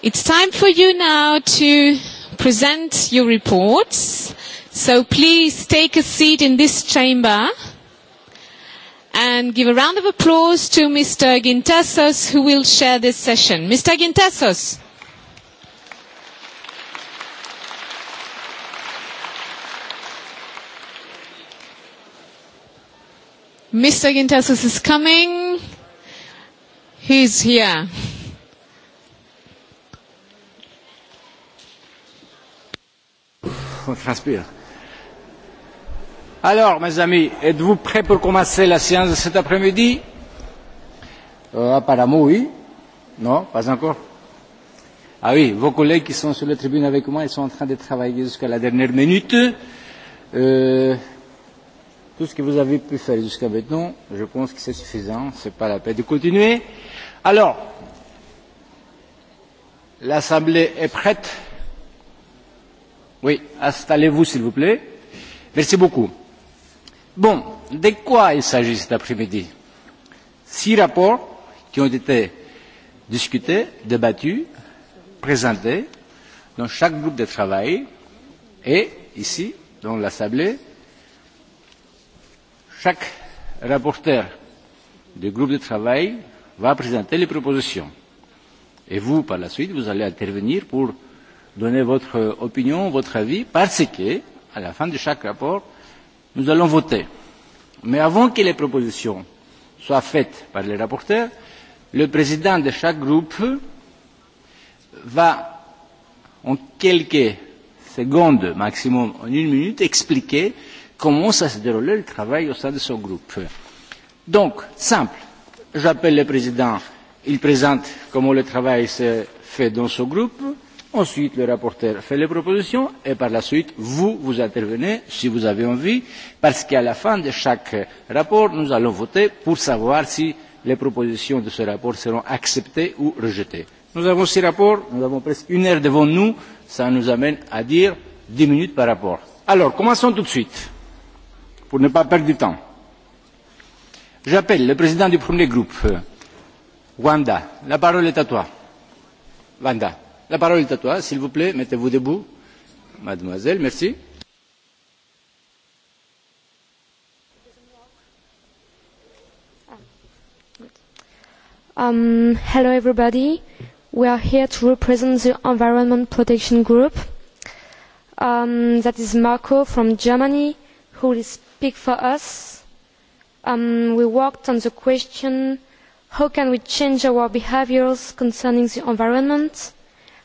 It's time for you now to present your reports. So please take a seat in this chamber and give a round of applause to Mr. Gintasos who will share this session. Mr. Gintasos. Mr. Gintasos is coming. He's here. Alors, mes amis, êtes-vous prêts pour commencer la séance de cet après-midi Apparemment, oui. Non, pas encore. Ah oui, vos collègues qui sont sur la tribune avec moi, ils sont en train de travailler jusqu'à la dernière minute. Euh, tout ce que vous avez pu faire jusqu'à maintenant, je pense que c'est suffisant. Ce n'est pas la peine de continuer. Alors, l'Assemblée est prête Oui, installez-vous s'il vous plaît. Merci beaucoup. Bon, de quoi il s'agit cet après-midi Six rapports qui ont été discutés, débattus, présentés dans chaque groupe de travail et ici, dans l'Assemblée, chaque rapporteur du groupe de travail va présenter les propositions. Et vous, par la suite, vous allez intervenir pour donner votre opinion, votre avis, parce que, à la fin de chaque rapport, nous allons voter. Mais avant que les propositions soient faites par les rapporteurs, le président de chaque groupe va, en quelques secondes maximum, en une minute, expliquer comment ça se déroulé le travail au sein de son groupe. Donc, simple, j'appelle le président, il présente comment le travail s'est fait dans son groupe Ensuite, le rapporteur fait les propositions et par la suite, vous, vous intervenez si vous avez envie, parce qu'à la fin de chaque rapport, nous allons voter pour savoir si les propositions de ce rapport seront acceptées ou rejetées. Nous avons six rapports, nous avons presque une heure devant nous, ça nous amène à dire dix minutes par rapport. Alors, commençons tout de suite, pour ne pas perdre du temps. J'appelle le président du premier groupe, Wanda. La parole est à toi. Wanda. La parole est à toi, s'il vous plaît, mettez-vous debout. Mademoiselle, merci. hello everybody. We are here to represent the Environment Protection Group. Um, that is Marco from Germany who will speak for us. Um, we worked on the question how can we change our behaviours concerning the environment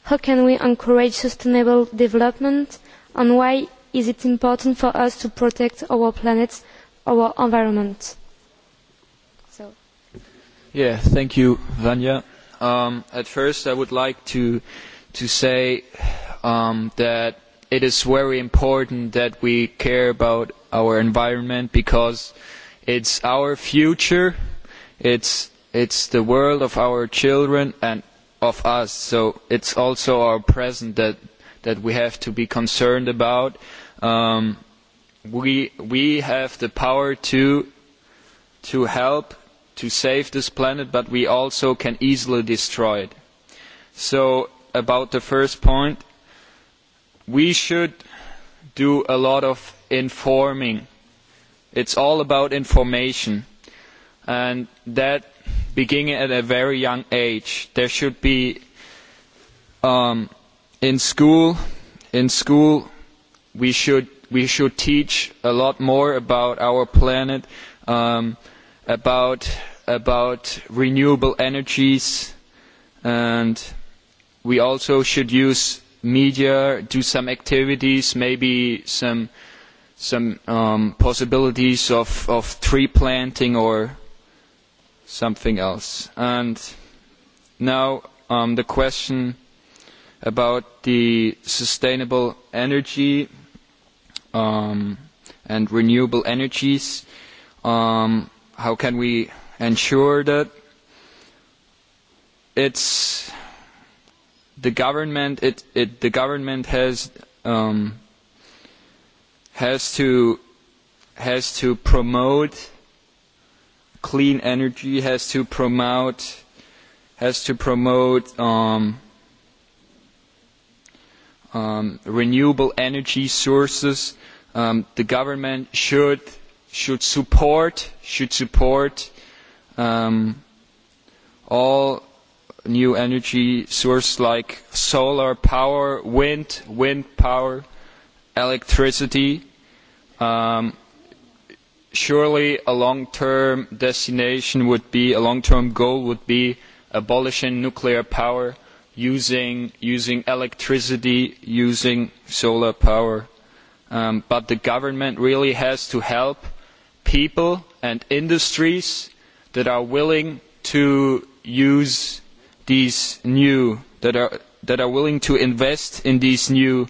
How can we encourage sustainable development and why is it important for us to protect our planet, our environment? Yeah, thank you, Vanya. At first, I would like to say that it is very important that we care about our environment because it's our future, it's the world of our children and of us. So it's also our present that that we have to be concerned about. We we have the power to to help to save this planet, but we also can easily destroy it. So about the first point, we should do a lot of informing. It's all about information, and that beginning at a very young age. There should be in school in school we should we should teach a lot more about our planet about about renewable energies and we also should use media do some activities maybe some some possibilities of of tree planting or something else. And now the question about the sustainable energy and renewable energies. How can we ensure that? It's the government. It the government has has to has to promote clean energy has to promote has to promote um, um, renewable energy sources. Um, the government should should support should support um, all new energy sources like solar power, wind, wind power, electricity. Um, surely a long term destination would be a long term goal would be abolishing nuclear power using electricity using solar power but the government really has to help people and industries that are willing to use these new that are willing to invest in these new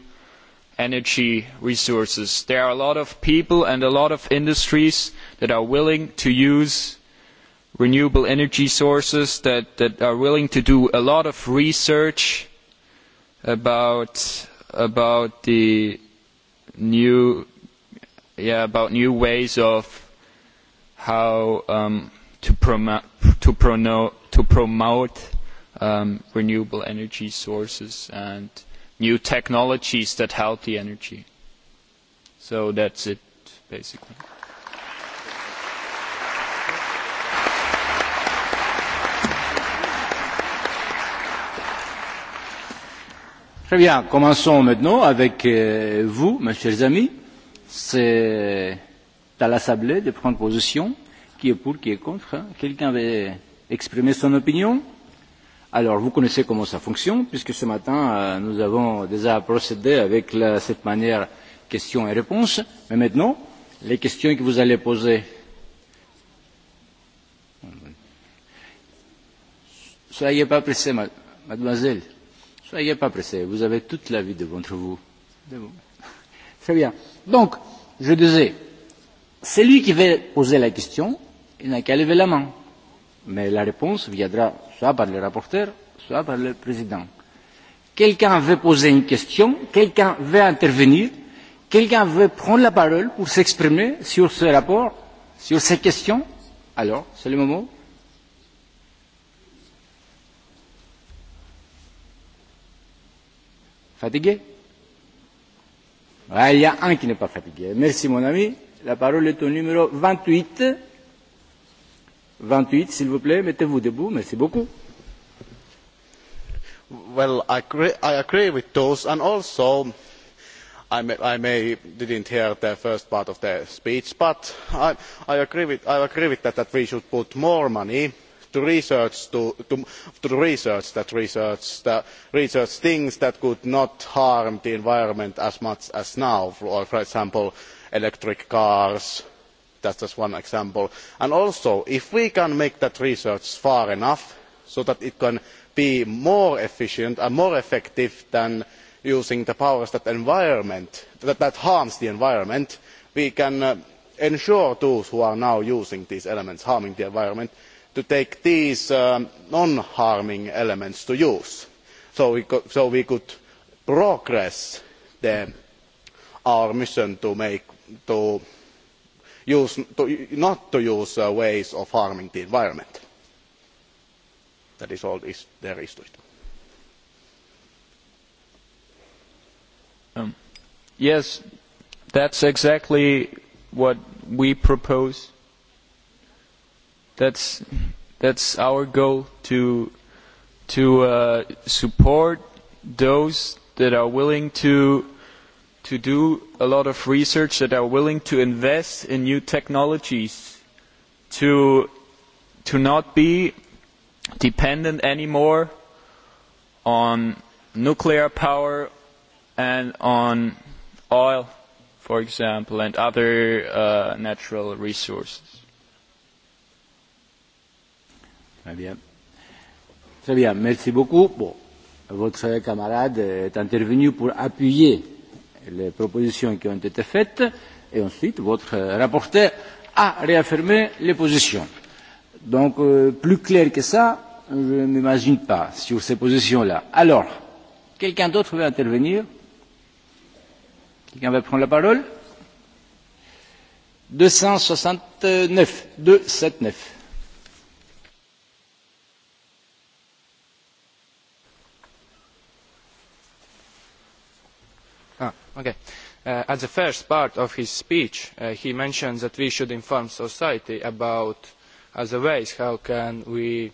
energy resources. There are a lot of people and a lot of industries that are willing to use renewable energy sources, that that are willing to do a lot of research about about the new yeah about new ways of how to promote renewable energy sources and new technologies that help the energy. So that's it, basically. Très bien, commençons maintenant avec vous, mes chers amis. C'est à l'Assemblée de prendre position qui est pour, qui est contre. Quelqu'un veut exprimer son opinion Alors, vous connaissez comment ça fonctionne, puisque ce matin, nous avons déjà procédé avec cette manière questions et réponses. Mais maintenant, les questions que vous allez poser. Soyez pas pressés, mademoiselle. Soyez pas pressés. Vous avez toute la vie devant vous. Très bien. Donc, je disais, celui qui veut poser la question, il n'a qu'à lever la main mais la réponse viendra soit par le rapporteur, soit par le président. Quelqu'un veut poser une question, quelqu'un veut intervenir, quelqu'un veut prendre la parole pour s'exprimer sur ce rapport, sur ces questions. Alors, c'est le moment. Fatigué Il y a un qui n'est pas fatigué. Merci mon ami. La parole est au numéro 28. 28, s'il vous plaît, mettez-vous debout. Well, I agree with those, and also I may didn't hear the first part of the speech, but I agree with that that we should put more money to research that research things that could not harm the environment as much as now, for example, electric cars that is just one example. also if we can make that research far enough so that it can be more efficient and more effective than using the powers that harm the environment we can ensure those who are now using these elements harming the environment to take these non harming elements to use so we could progress our mission to not to use ways of harming the environment. that is all there is to it. yes that's exactly what we propose. That's is our goal to support those that are willing to to do a lot of research that are willing to invest in new technologies to to not be dependent anymore on nuclear power and on oil for example and other natural resources Très bien. merci beaucoup. votre camarade intervenu pour appuyer les propositions qui ont été faites et ensuite votre rapporteur a réaffirmé les positions. Donc plus clair que ça, je ne m'imagine pas sur ces positions-là. Alors, quelqu'un d'autre veut intervenir Quelqu'un veut prendre la parole 269, 279. At the first part of his speech, he mentioned that we should inform society about other ways how can we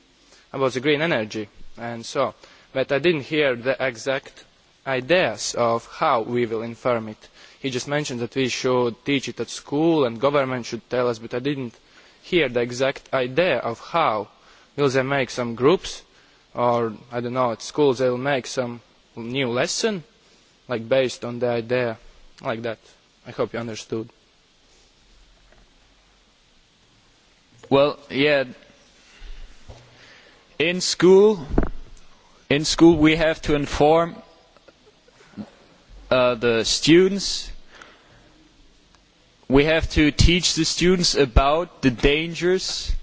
about the green energy and so. But I didn't hear the exact ideas of how we will inform it. He just mentioned that we should teach it at school and government should tell us, but I didn't hear the exact idea of how. Will they make some groups, or I don't know, at school they will make some new lesson like based on the idea like that i hope you understood well yeah in school in school we have to inform the students we have to teach the students about the dangers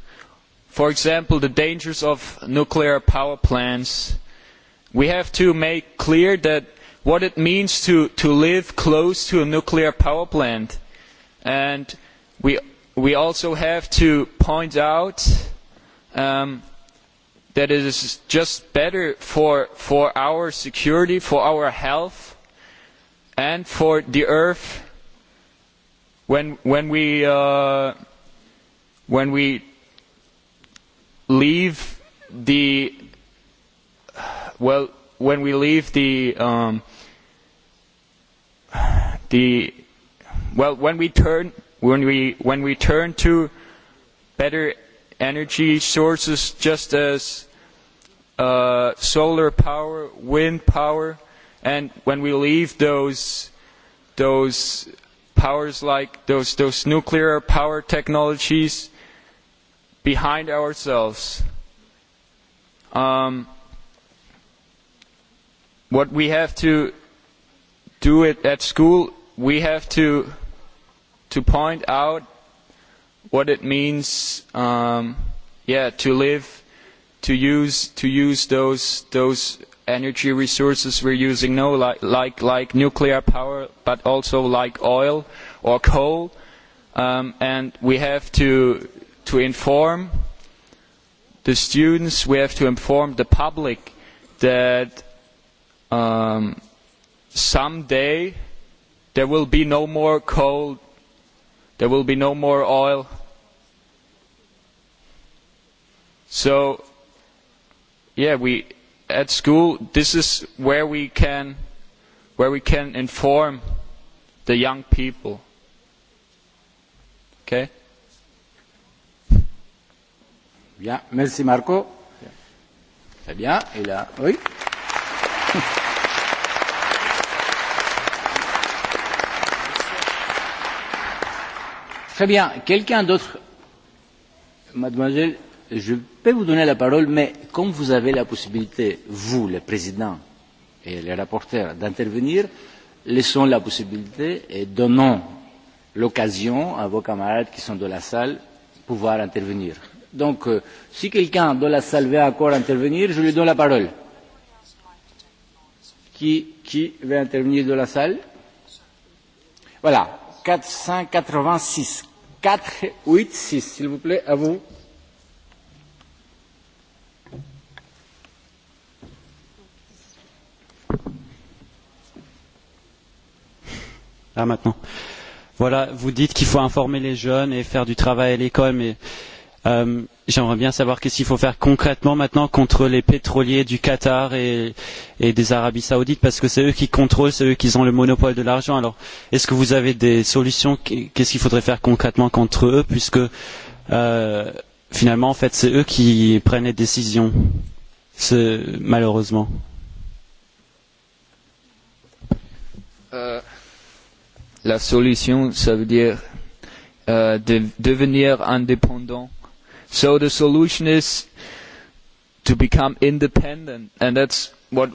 for example the dangers of nuclear power plants we have to make clear that what it means to live close to a nuclear power plant. And we also have to point out that it is just better for for our security, for our health, and for the Earth when we leave the well when we leave the the well when we turn when we when we turn to better energy sources just as solar power wind power and when we leave those those powers like those those nuclear power technologies behind ourselves what we have to do it at school, we have to to point out what it means, yeah, to live, to use to use those those energy resources we're using now, like like like nuclear power, but also like oil or coal, and we have to to inform the students, we have to inform the public that Some day, there will be no more coal, there will be no more oil. So, yeah, we at school this is where we can, where we can inform the young people. Okay. merci Marco. Très bien, Très bien. Quelqu'un d'autre Mademoiselle, je peux vous donner la parole, mais comme vous avez la possibilité, vous, le président et les rapporteurs, d'intervenir, laissons la possibilité et donnons l'occasion à vos camarades qui sont dans la salle de pouvoir intervenir. Donc, si quelqu'un dans la salle veut encore intervenir, je lui donne la parole. Qui, qui veut intervenir dans la salle Voilà. 486. 486, s'il vous plaît, à vous. Là maintenant. Voilà, vous dites qu'il faut informer les jeunes et faire du travail à l'école, mais J'aimerais bien savoir qu'est-ce qu'il faut faire concrètement maintenant contre les pétroliers du Qatar et des Arabies Saoudites, parce que c'est eux qui contrôlent, c'est eux qui ont le monopole de l'argent. Alors, est-ce que vous avez des solutions Qu'est-ce qu'il faudrait faire concrètement contre eux, puisque finalement, en fait, c'est eux qui prennent les décisions, malheureusement. La solution, ça veut dire devenir indépendant So the solution is to become independent, and that's what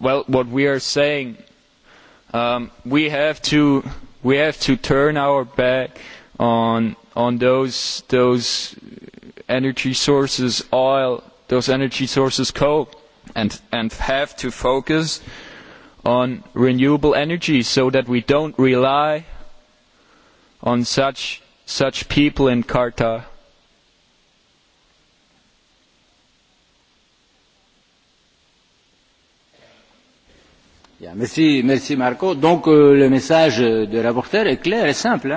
well what we are saying. We have to we have to turn our back on on those those energy sources, oil, those energy sources, coal, and and have to focus on renewable energy so that we don't rely on such such people in Qatar. Merci, merci Marco. Donc le message du rapporteur est clair et simple.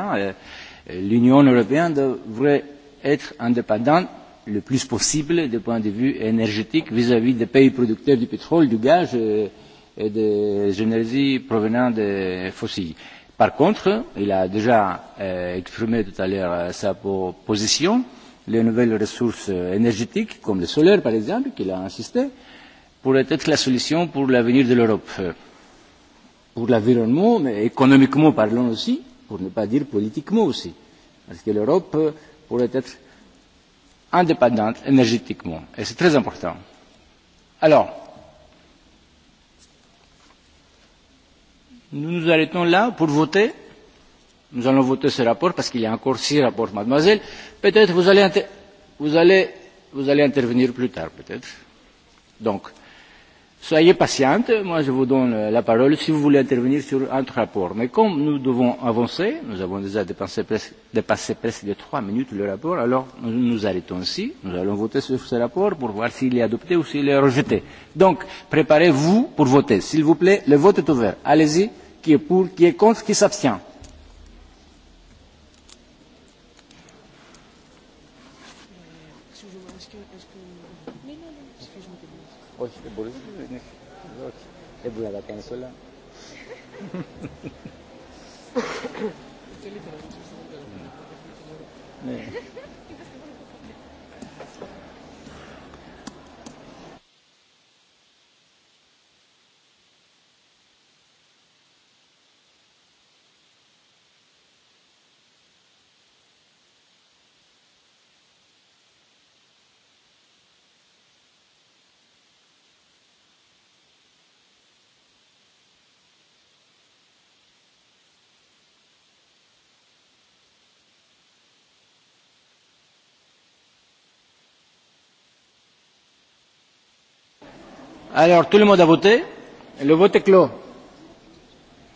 L'Union européenne devrait être indépendante le plus possible du point de vue énergétique vis-à-vis des pays producteurs du pétrole, du gaz et des énergies provenant des fossiles. Par contre, il a déjà exprimé tout à l'heure sa position, les nouvelles ressources énergétiques, comme le solaire par exemple, qu'il a insisté, pourraient être la solution pour l'avenir de l'Europe pour l'environnement, mais économiquement parlant aussi, pour ne pas dire politiquement aussi, parce que l'Europe pourrait être indépendante énergétiquement, et c'est très important. Alors, nous nous arrêtons là pour voter. Nous allons voter ce rapport parce qu'il y a encore six rapports, mademoiselle. Peut-être vous allez, vous allez, vous allez intervenir plus tard, peut-être. Donc, Soyez patiente, moi je vous donne la parole si vous voulez intervenir sur un rapport. Mais comme nous devons avancer, nous avons déjà dépassé presque de trois minutes le rapport, alors nous nous arrêtons ici, nous allons voter sur ce rapport pour voir s'il est adopté ou s'il est rejeté. Donc, préparez-vous pour voter. S'il vous plaît, le vote est ouvert. Allez-y, qui est pour, qui est contre, qui s'abstient. Δεν μπορεί να τα κάνει όλα. Ναι. Alors, tout le monde a voté. Le vote est clos.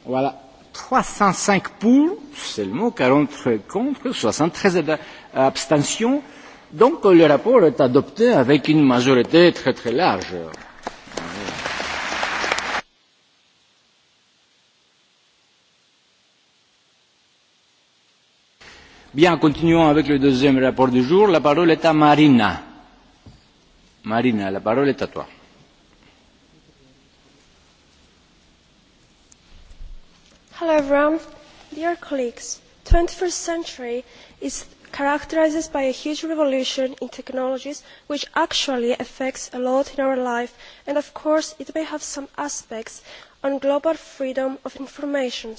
Voilà. 305 pour, seulement 40 contre, 73 abstentions. Donc, le rapport est adopté avec une majorité très très large. Bien, continuons avec le deuxième rapport du jour. La parole est à Marina. Marina, la parole est à toi. Hello everyone. Dear colleagues, the 21st century is characterised by a huge revolution in technologies which actually affects a lot in our life and of course it may have some aspects on global freedom of information.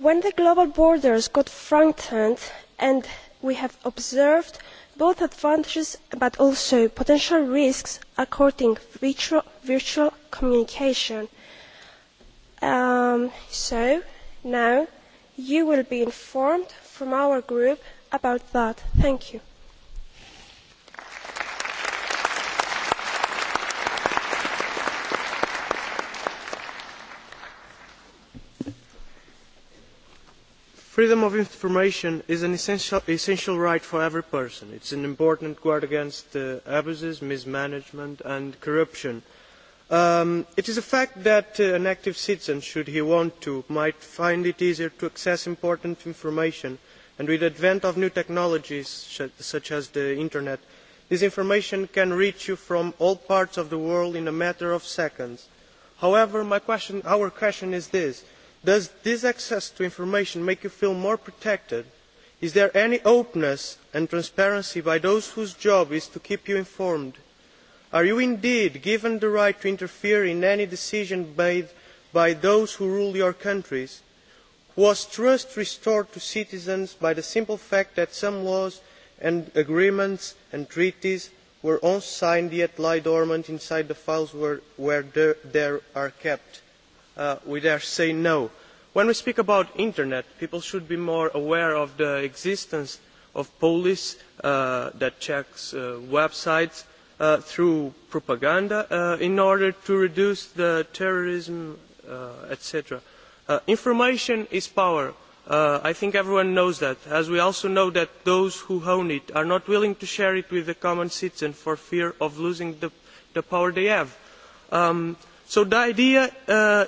When the global borders got fragmented and we have observed both advantages but also potential risks according to virtual communication So now you will be informed from our group about that. Thank you. Freedom of information is an essential right for every person. It's an important guard against abuses, mismanagement and corruption It is a fact that an active citizen, should he want to, might find it easier to access important information, and with the advent of new technologies such as the Internet, this information can reach you from all parts of the world in a matter of seconds. However, our question is this. Does this access to information make you feel more protected? Is there any openness and transparency by those whose job is to keep you informed? Are you indeed given the right to interfere in any decision made by those who rule your countries? Was trust restored to citizens by the simple fact that some laws and agreements and treaties were unsigned yet lie dormant inside the files where they are kept? We dare say no. When we speak about internet, people should be more aware of the existence of police that checks websites through propaganda in order to reduce the terrorism etc. information is power i think everyone knows that as we also know that those who own it are not willing to share it with the common citizen for fear of losing the power they have. so the idea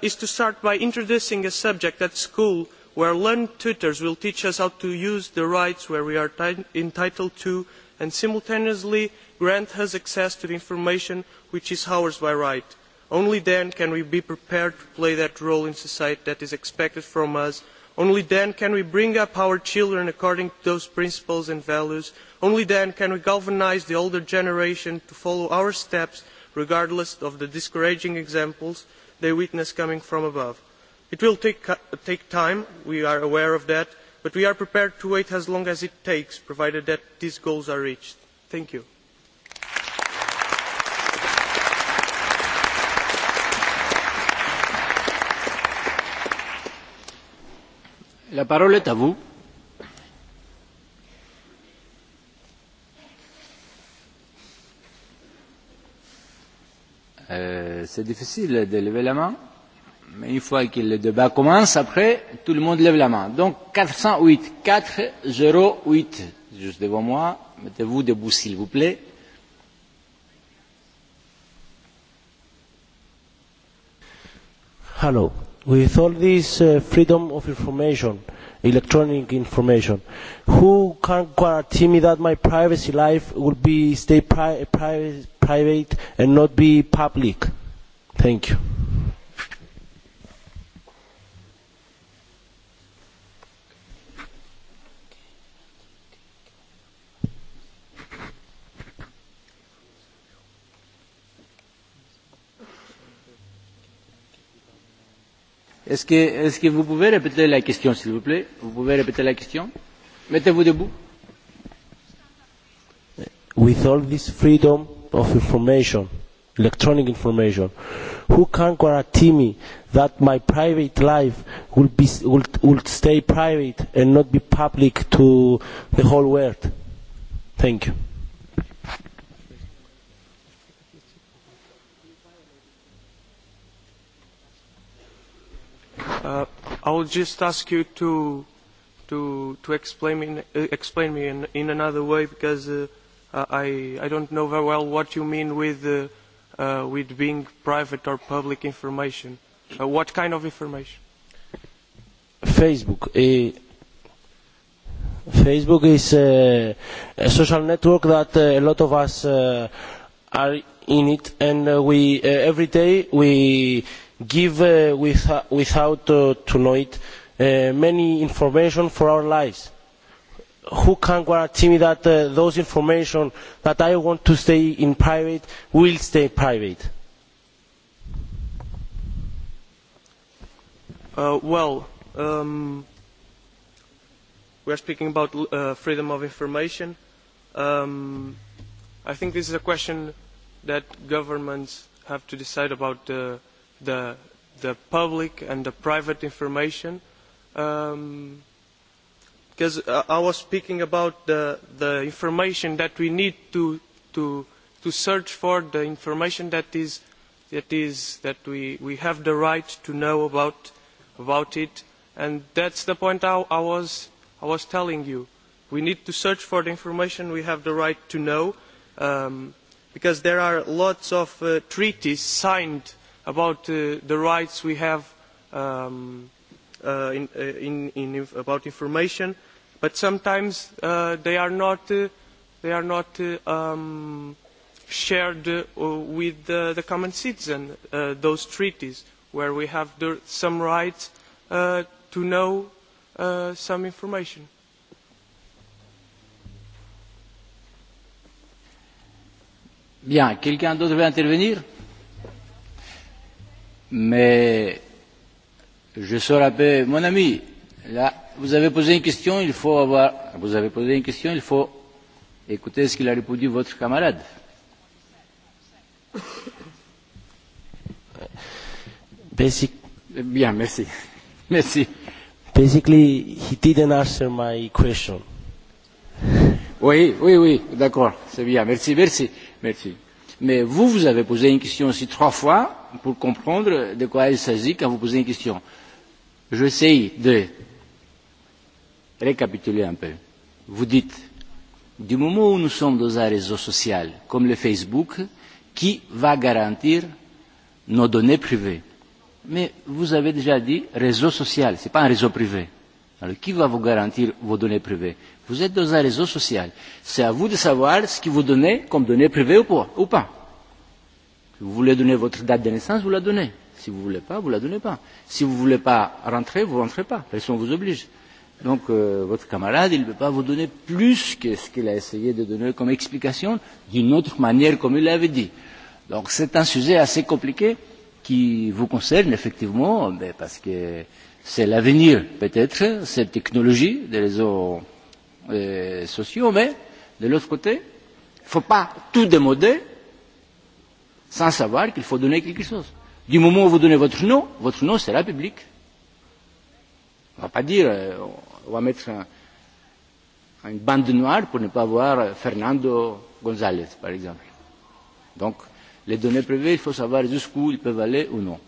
is to start by introducing a subject at school where learned tutors will teach us how to use the rights where we are entitled to and simultaneously grant us access to the information which is ours by right. only then can we be prepared to play that role in society that is expected from us. only then can we bring up our children according to those principles and values. only then can we galvanise the older generation to follow our steps regardless of the discouraging examples they witness coming from above. it will take time we are aware of that but we are prepared to wait as long as it takes provided that these goals are reached. thank you. La parole est à vous. C'est difficile de lever la main, mais une fois que le débat commence, après, tout le monde lève la main. Donc 408, 408, juste devant moi, mettez-vous debout s'il vous plaît. Hello with all this freedom of information, electronic information, who can guarantee me that my privacy life will be stay private and not be public? Thank you. Est-ce que, est que vous pouvez répéter la question, s'il vous plaît Vous pouvez répéter la question Mettez-vous debout. With all this freedom of information, electronic information, who can guarantee me that my private life will, be, will stay private and not be public to the whole world? Thank you. I will just ask you to to to explain explain me in in another way because I I don't know very well what you mean with with being private or public information. What kind of information? Facebook. Facebook is a social network that a lot of us are in it and we every day we give without to know it many information for our lives. Who can guarantee me that those information that I want to stay in private will stay private? Well, we are speaking about freedom of information. I think this is a question that governments have to decide about the public and the private information. Because I was speaking about the information that we need to search for, the information that is that we have the right to know about it, and that's the point I was telling you. We need to search for the information we have the right to know, because there are lots of treaties signed about the rights we have in in about information, but sometimes they are not they are not shared with the common citizen. Those treaties where we have some rights to know some information. Bien, quelqu'un d'autre veut intervenir? Mais je sors un peu, mon ami, là, vous avez posé une question, il faut avoir, vous avez posé une question, il faut écouter ce qu'il a répondu votre camarade. Basic. Bien, merci. Merci. Basically, he didn't answer my question. Oui, oui, oui, d'accord, c'est bien, merci, merci, merci. Mais vous, vous avez posé une question aussi trois fois pour comprendre de quoi il s'agit quand vous posez une question. J'essaye de récapituler un peu. Vous dites, du moment où nous sommes dans un réseau social comme le Facebook, qui va garantir nos données privées Mais vous avez déjà dit réseau social, ce n'est pas un réseau privé. Alors qui va vous garantir vos données privées Vous êtes dans un réseau social. C'est à vous de savoir ce que vous donnez comme données privées ou pas. Si vous voulez donner votre date de naissance, vous la donnez. Si vous ne voulez pas, vous ne la donnez pas. Si vous ne voulez pas rentrer, vous ne rentrez pas. Personne ne vous oblige. Donc votre camarade, il ne peut pas vous donner plus que ce qu'il a essayé de donner comme explication d'une autre manière comme il l'avait dit. Donc c'est un sujet assez compliqué qui vous concerne effectivement parce que c'est l'avenir peut-être, cette technologie des réseaux sociaux, mais de l'autre côté, il ne faut pas tout démoder sans savoir qu'il faut donner quelque chose. Du moment où vous donnez votre nom, votre nom sera public. On ne va pas dire, on va mettre une bande noire pour ne pas voir Fernando González, par exemple. Donc, les données privées, il faut savoir jusqu'où ils peuvent aller ou non.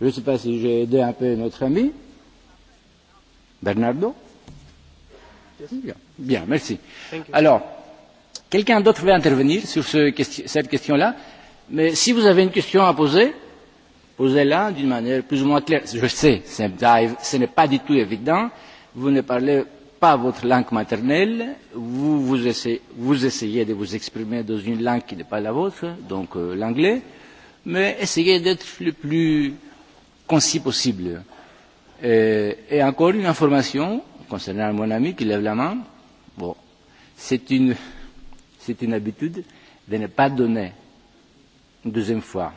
Je ne sais pas si j'ai aidé un peu notre ami, Bernardo. Bien, merci. Alors, quelqu'un d'autre veut intervenir sur cette question-là Mais si vous avez une question à poser, posez-la d'une manière plus ou moins claire. Je sais, ce n'est pas du tout évident. Vous ne parlez pas votre langue maternelle. Vous, vous, essayez, vous essayez de vous exprimer dans une langue qui n'est pas la vôtre, donc l'anglais. Mais essayez d'être le plus concis possible. et encore une information, concernant mon ami qui lève la main, bon, c'est une, c'est une habitude de ne pas donner une deuxième fois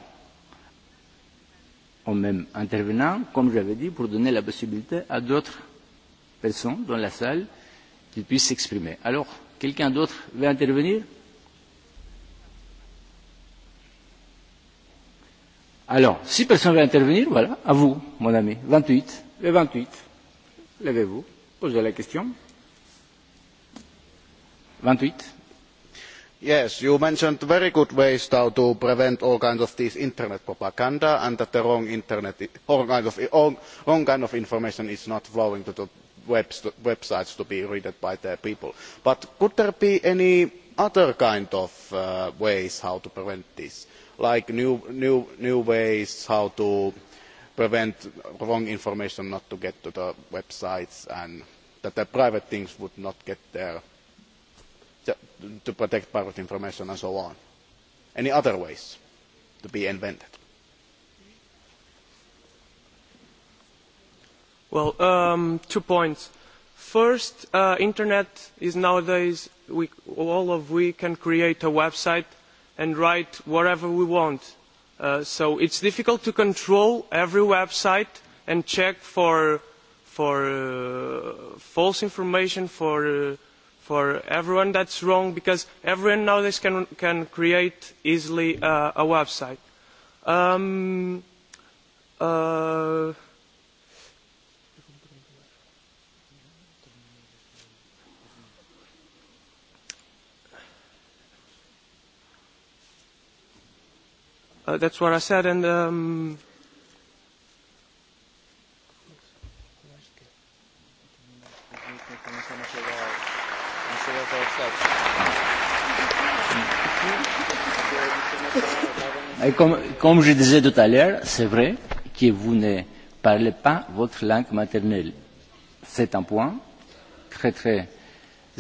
au même intervenant, comme j'avais dit, pour donner la possibilité à d'autres personnes dans la salle qu'ils puissent s'exprimer. Alors, quelqu'un d'autre veut intervenir Alors, si personne veut intervenir, voilà, à vous, mon ami, 28, le 28, levez-vous. Yes, you mentioned very good ways how to prevent all kinds of this internet propaganda and that the wrong internet, kind of wrong kind of information is not flowing to the websites to be read by the people. But could there be any other kind of ways how to prevent this, like new ways how to prevent wrong information not to get to the websites and that the private things would not get there to protect private information and so on. Any other ways to be invented? Well, two points. First, Internet is nowadays all of we can create a website and write whatever we want so it's difficult to control every website and check for false information for for everyone that's wrong because everyone nowadays can can create easily a website That's what I said. And comme je disais tout à l'heure, c'est vrai que vous ne parlez pas votre langue maternelle. C'est un point très très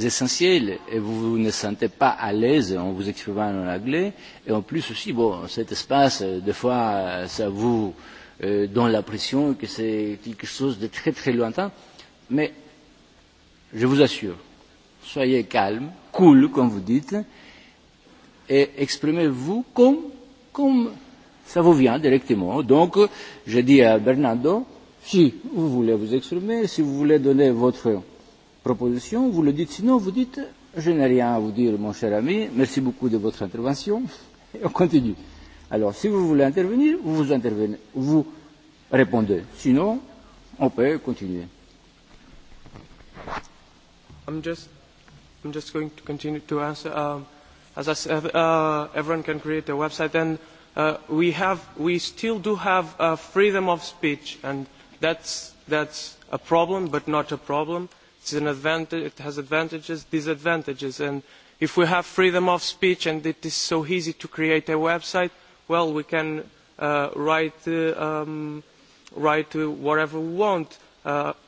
essentiels et vous ne sentez pas à l'aise en vous exprimant en anglais et en plus aussi bon cet espace des fois ça vous donne l'impression que c'est quelque chose de très très lointain mais je vous assure soyez calme cool comme vous dites et exprimez-vous comme comme ça vous vient directement donc je dis à Bernardo si vous voulez vous exprimer si vous voulez donner votre proposition, vous le dites. Sinon, vous dites, je n'ai rien à vous dire, mon cher ami. Merci beaucoup de votre intervention. Et on continue. Alors, si vous voulez intervenir, vous vous intervenez, vous répondez. Sinon, on peut continuer. I'm just, I'm just going to continue to answer. Um, as I said, uh, everyone can create a website, and uh, we have, we still do have uh, freedom of speech, and that's that's a problem, but not a problem It has advantages, disadvantages, and if we have freedom of speech and it is so easy to create a website, well, we can write whatever we want.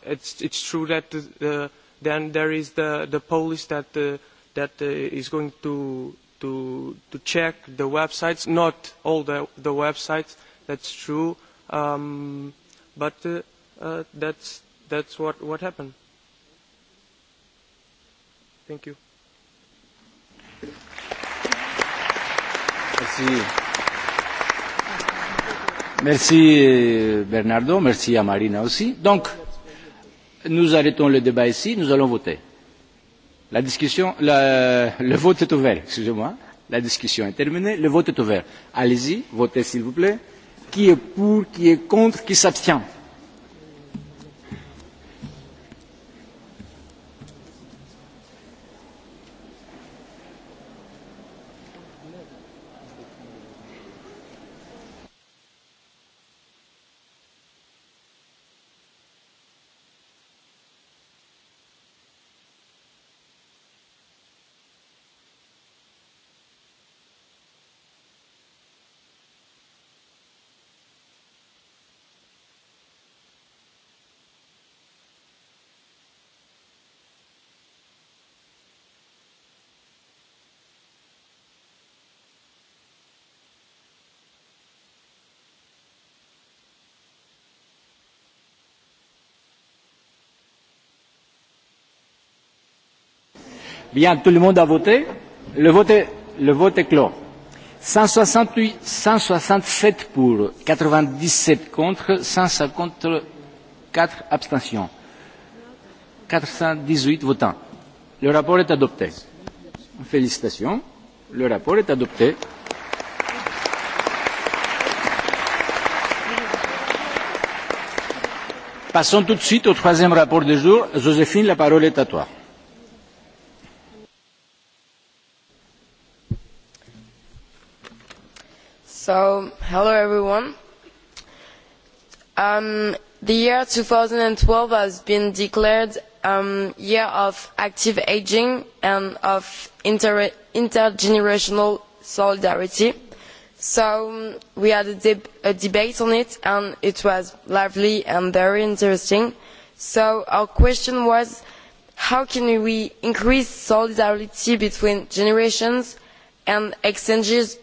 It's true that then there is the police that is going to to check the websites, not all the websites. That's true, but that's what happened. Thank you. Merci Bernardo, merci à Marina aussi. Donc, nous arrêtons le débat ici, nous allons voter. La discussion, le vote est ouvert, excusez-moi. La discussion est terminée, le vote est ouvert. Allez-y, votez s'il vous plaît. Qui est pour, qui est contre, qui s'abstient Bien, tout le monde a voté. Le vote, le vote est clos. 168, 167 pour, 97 contre, 154 abstentions. 418 votants. Le rapport est adopté. Félicitations. Le rapport est adopté. Passons tout de suite au troisième rapport du jour. Joséphine, la parole est à toi. So, hello everyone. The year 2012 has been declared year of active aging and of intergenerational solidarity. So we had a debate on it and it was lively and very interesting. So our question was, how can we increase solidarity between generations and exchanges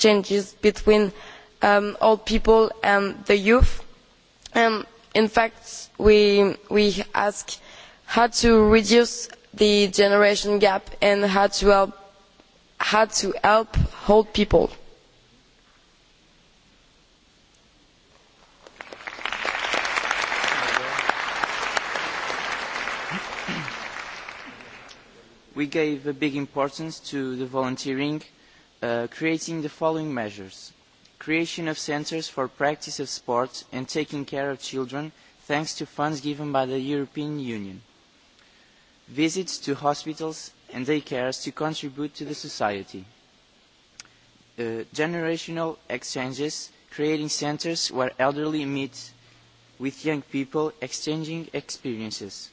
changes between old people and the youth. In fact, we ask how to reduce the generation gap and how to help old people. We gave a big importance to the volunteering creating the following measures creation of centres for practice of sport and taking care of children thanks to funds given by the European Union. Visits to hospitals and daycares to contribute to the society. Generational exchanges, creating centres where elderly meet with young people exchanging experiences.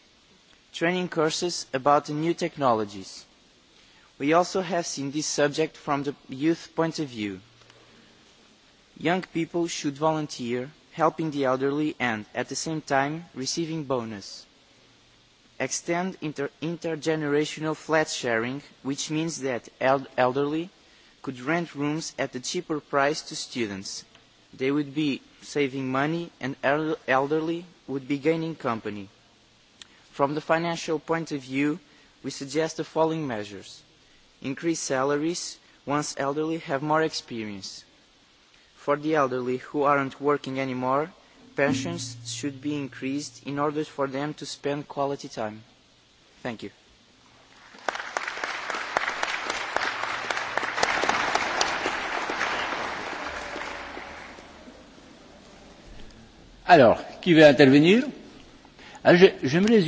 Training courses about new technologies we also have seen this subject from the youth point of view. Young people should volunteer, helping the elderly and, at the same time, receiving bonus. Extend intergenerational flat sharing, which means that elderly could rent rooms at a cheaper price to students. They would be saving money and elderly would be gaining company. From the financial point of view, we suggest the following measures increase salaries once elderly have more experience. For the elderly who aren't working anymore, pensions should be increased in order for them to spend quality time. Thank you. Alors, qui veut intervenir J'aimerais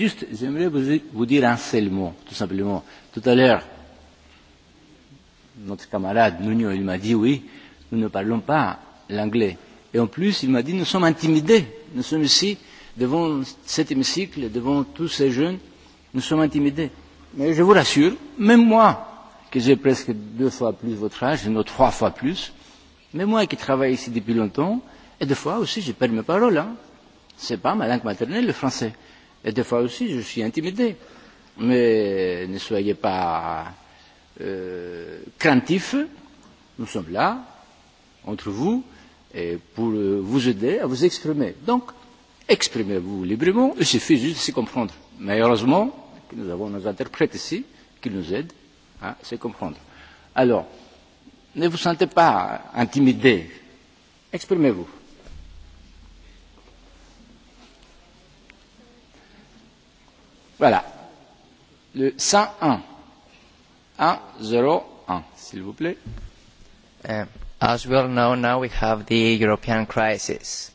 vous dire un seul mot, tout simplement. Tout à l'heure, notre camarade Nuno, il m'a dit oui, nous ne parlons pas l'anglais. Et en plus, il m'a dit nous sommes intimidés. Nous sommes ici, devant cet hémicycle, devant tous ces jeunes, nous sommes intimidés. Mais je vous rassure, même moi, que j'ai presque deux fois plus votre âge, non trois fois plus, même moi qui travaille ici depuis longtemps, et des fois aussi, je perds mes paroles. Hein. Ce n'est pas ma langue maternelle, le français. Et des fois aussi, je suis intimidé. Mais ne soyez pas craintifs. Nous sommes là, entre vous, pour vous aider à vous exprimer. Donc, exprimez-vous librement, il suffit juste de se comprendre. heureusement, nous avons nos interprètes ici qui nous aident à se comprendre. Alors, ne vous sentez pas intimidé, exprimez-vous. Voilà. Le 101. 101, s'il vous plaît. As we all know, now we have the European crisis.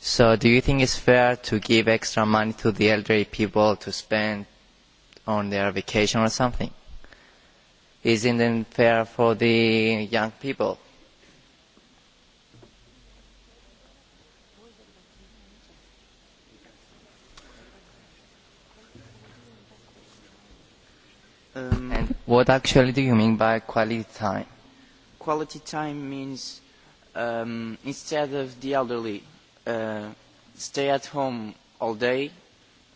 So do you think it's fair to give extra money to the elderly people to spend on their vacation or something? Isn't it fair for the young people? Um, What actually do you mean by quality time? Quality time means instead of the elderly stay at home all day,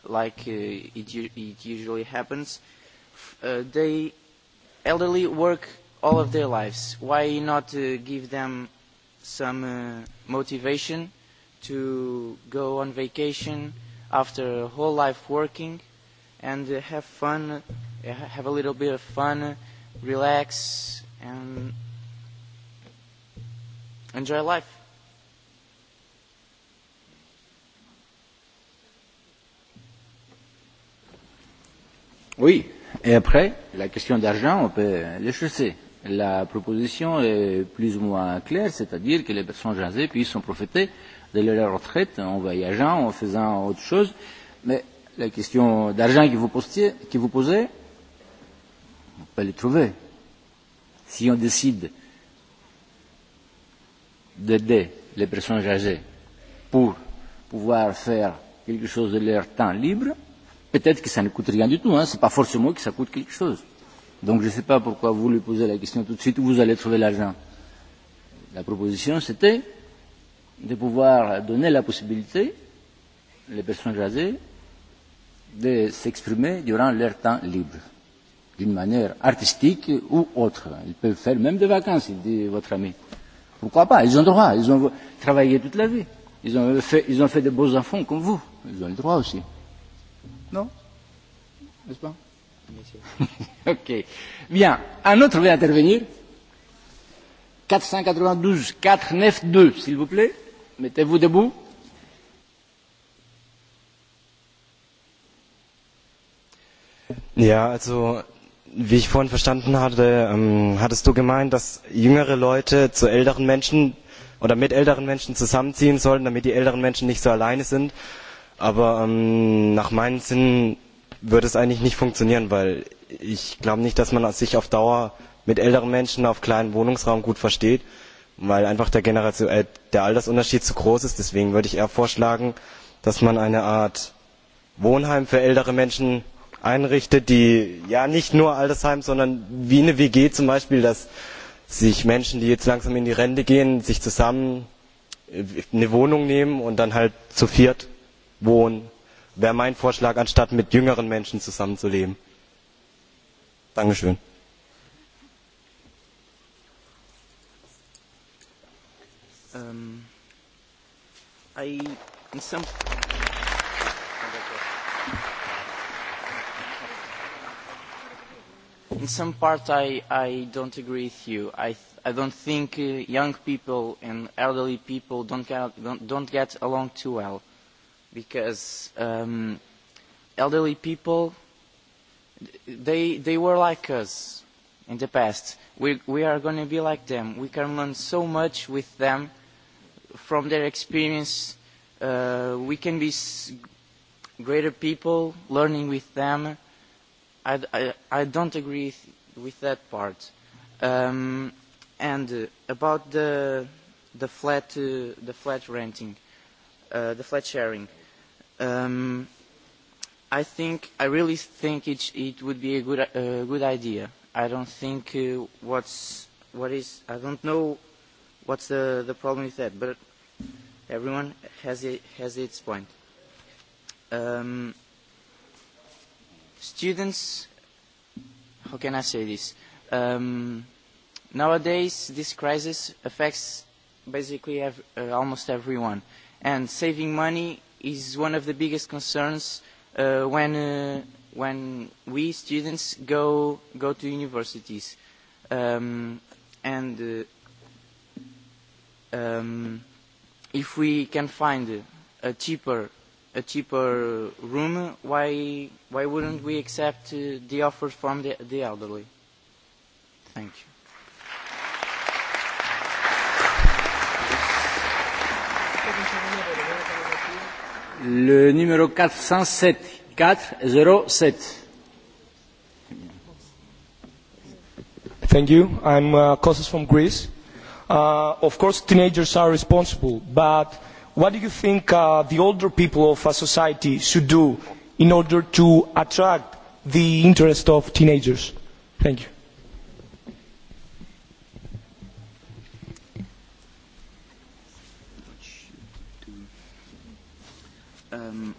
like it usually happens, they elderly work all of their lives. Why not give them some motivation to go on vacation after a whole life working and have fun have a little bit of fun, relax, and enjoy life. Oui, et après, la question d'argent, on peut chasser. La proposition est plus ou moins claire, c'est-à-dire que les personnes jasées puissent en profiter de leur retraite en voyageant, en faisant autre chose. Mais la question d'argent que vous posiez, pas les trouver. Si on décide d'aider les personnes âgées pour pouvoir faire quelque chose de leur temps libre, peut-être que ça ne coûte rien du tout, hein, ce n'est pas forcément que ça coûte quelque chose. Donc je ne sais pas pourquoi vous lui posez la question tout de suite où vous allez trouver l'argent. La proposition c'était de pouvoir donner la possibilité aux personnes âgées de s'exprimer durant leur temps libre d'une manière artistique ou autre. Ils peuvent faire même des vacances, dit votre ami. Pourquoi pas Ils ont le droit. Ils ont travaillé toute la vie. Ils ont fait, ils ont fait de beaux enfants comme vous. Ils ont le droit aussi. Non N'est-ce pas Ok. Bien. Un autre veut intervenir. 492, 492, s'il vous plaît. Mettez-vous debout. Ja, also wie ich vorhin verstanden hatte, hattest du gemeint, dass jüngere Leute zu älteren Menschen oder mit älteren Menschen zusammenziehen sollen, damit die älteren Menschen nicht so alleine sind. Aber nach meinem Sinn würde es eigentlich nicht funktionieren, weil ich glaube nicht, dass man sich auf Dauer mit älteren Menschen auf kleinem Wohnungsraum gut versteht, weil einfach der Altersunterschied zu groß ist. Deswegen würde ich eher vorschlagen, dass man eine Art Wohnheim für ältere Menschen einrichtet, die ja nicht nur Altersheim, sondern wie eine WG zum Beispiel, dass sich Menschen, die jetzt langsam in die Rente gehen, sich zusammen eine Wohnung nehmen und dann halt zu viert wohnen. Wäre mein Vorschlag, anstatt mit jüngeren Menschen zusammenzuleben. Dankeschön. Ähm, in some part I, I don't agree with you. I, don't think young people and elderly people don't get, don't, get along too well because elderly people, they, they were like us in the past. We, we are going to be like them. We can learn so much with them from their experience. we can be greater people learning with them I I don't agree with that part. And about the the flat the flat renting, the flat sharing, I think I really think it it would be a good good idea. I don't think what's what is I don't know what's the the problem with that, but everyone has has its point students how can i say this nowadays this crisis affects basically almost everyone and saving money is one of the biggest concerns when when we students go go to universities and if we can find a cheaper a cheaper room, why why wouldn't we accept the offer from the the elderly? Thank you. Le numéro 407 407. Thank you. I'm Kostas from Greece. Of course, teenagers are responsible, but what do you think the older people of a society should do in order to attract the interest of teenagers? Thank you.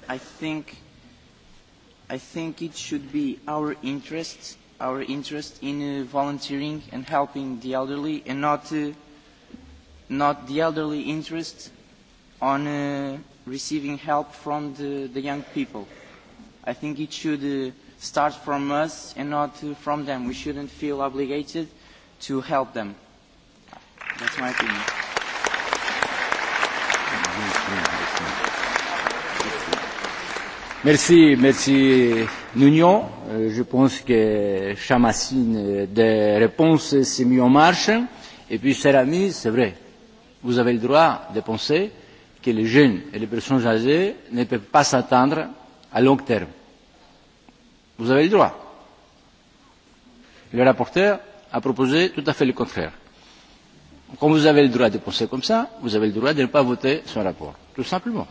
I think I think it should be our interest, our interest in volunteering and helping the elderly, and not not the elderly interest on receiving help from the young people. I think it should start from us and not from them. We shouldn't feel obligated to help them. That's my opinion. Merci, merci Nuno. Je pense que Chamassine de réponse s'est mis en marche. Et puis, cher ami, c'est vrai, vous avez le droit de penser que les jeunes et les personnes âgées ne peuvent pas s'attendre à long terme. Vous avez le droit. Le rapporteur a proposé tout à fait le contraire. Quand vous avez le droit de penser comme ça, vous avez le droit de ne pas voter son rapport. Tout simplement.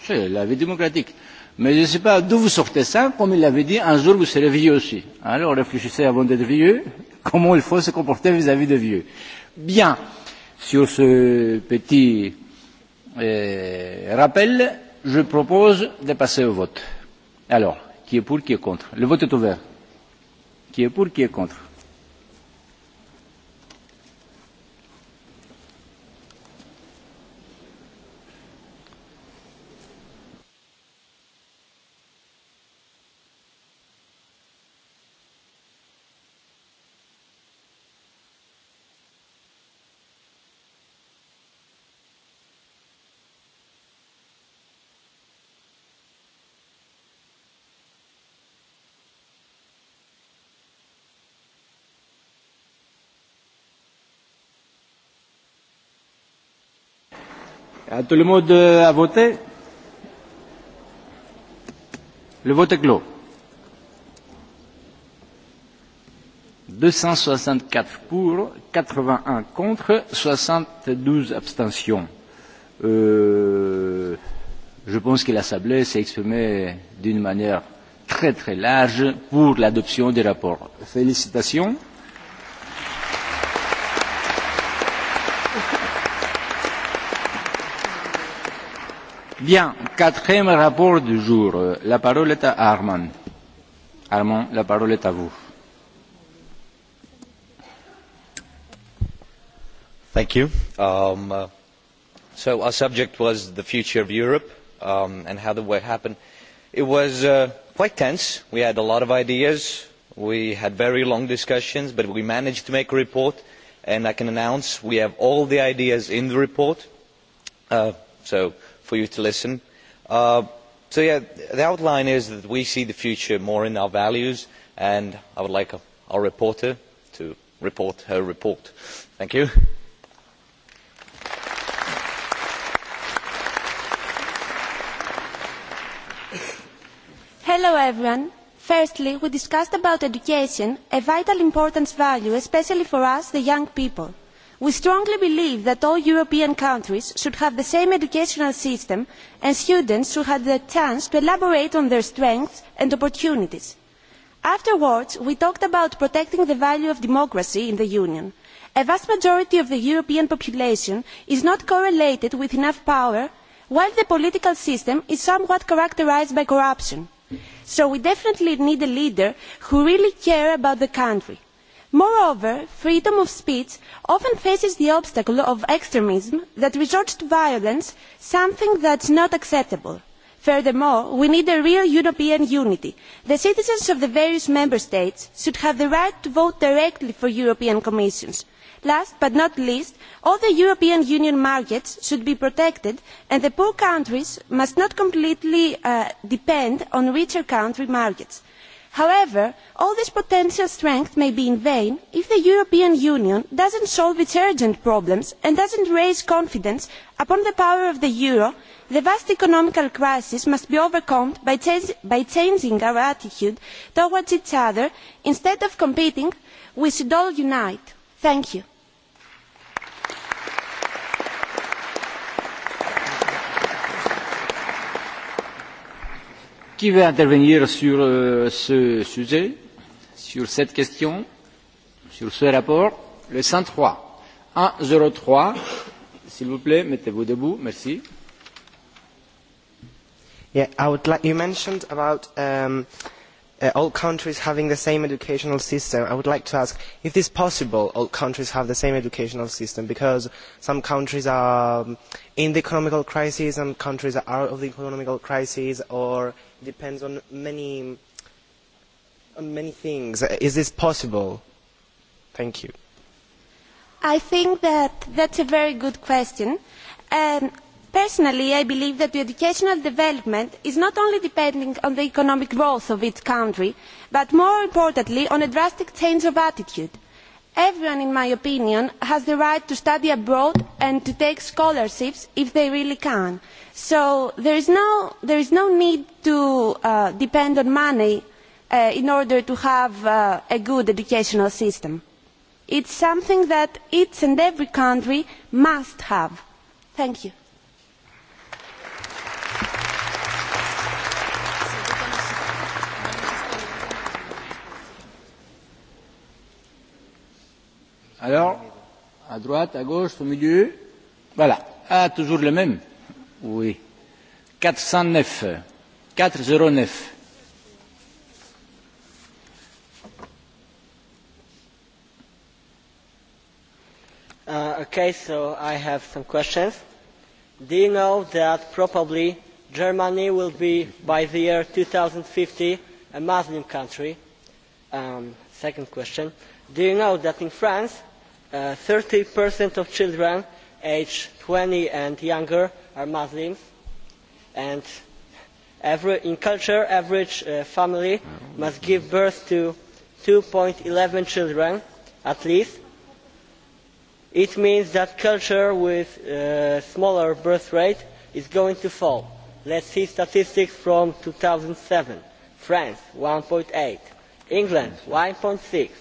C'est la vie démocratique. Mais je ne sais pas d'où vous sortez ça. Comme il l'avait dit, un jour vous serez vieux aussi. Alors réfléchissez avant d'être vieux, comment il faut se comporter vis-à-vis de vieux. Bien. Sur ce petit rappel, je propose de passer au vote. Alors, qui est pour, qui est contre Le vote est ouvert. Qui est pour, qui est contre Tout le monde a voté Le vote est clos. 264 pour, 81 contre, 72 abstentions. Je pense que l'Assemblée s'est exprimée d'une manière très très large pour l'adoption du rapport. Félicitations. Bien, quatrième rapport du jour. La parole est à Armand. Armand, la parole est à vous. Thank you. Um, so our subject was the future of Europe um, and how the way happened. It was uh, quite tense. We had a lot of ideas. We had very long discussions, but we managed to make a report. And I can announce we have all the ideas in the report. Uh, so for you to listen. So the outline is that we see the future more in our values, and I would like our rapporteur to report her report. Thank you. Hello everyone. Firstly, we discussed about education, a vital importance value, especially for us, the young people We strongly believe that all European countries should have the same educational system and students should have the chance to elaborate on their strengths and opportunities. Afterwards, we talked about protecting the value of democracy in the Union. A vast majority of the European population is not correlated with enough power, while the political system is somewhat characterised by corruption. So we definitely need a leader who really cares about the country Moreover, freedom of speech often faces the obstacle of extremism that resorts to violence, something that is not acceptable. Furthermore, we need a real European unity. The citizens of the various Member States should have the right to vote directly for European Commissions. Last but not least, all the European Union markets should be protected and the poor countries must not completely depend on richer country markets. However, all this potential strength may be in vain if the European Union does not solve its urgent problems and does not raise confidence upon the power of the euro. The vast economic crisis must be overcome by changing our attitude towards each other. Instead of competing, we should all unite. Thank you. Qui veut intervenir sur ce sujet, sur cette question, sur ce rapport Le 103. 103. S'il vous plaît, mettez-vous debout. Merci. Yeah, I would like, you mentioned about um, uh, all countries having the same educational system. I would like to ask if this is possible, all countries have the same educational system, because some countries are in the economical crisis, some countries are out of the economical crisis, or depends on many on many things. Is this possible? Thank you. I think that that's a very good question. Personally, I believe that the educational development is not only depending on the economic growth of its country, but more importantly on a drastic change of attitude everyone in my opinion has the right to study abroad and to take scholarships if they really can so there is no need to depend on money in order to have a good educational system. it is something that each and every country must have. thank you. Alors, à droite, à gauche, au milieu. Voilà. Ah, toujours le même. Oui. 409. 409. Uh, okay, so I have some questions. Do you know that probably Germany will be, by the year 2050, a Muslim country? Um, second question do you know that in france thirty of children aged twenty and younger are muslims and in culture average family must give birth to. two eleven children at least. it means that culture with a smaller birth rate is going to fall. let us see statistics from two thousand seven france. one eight england. one six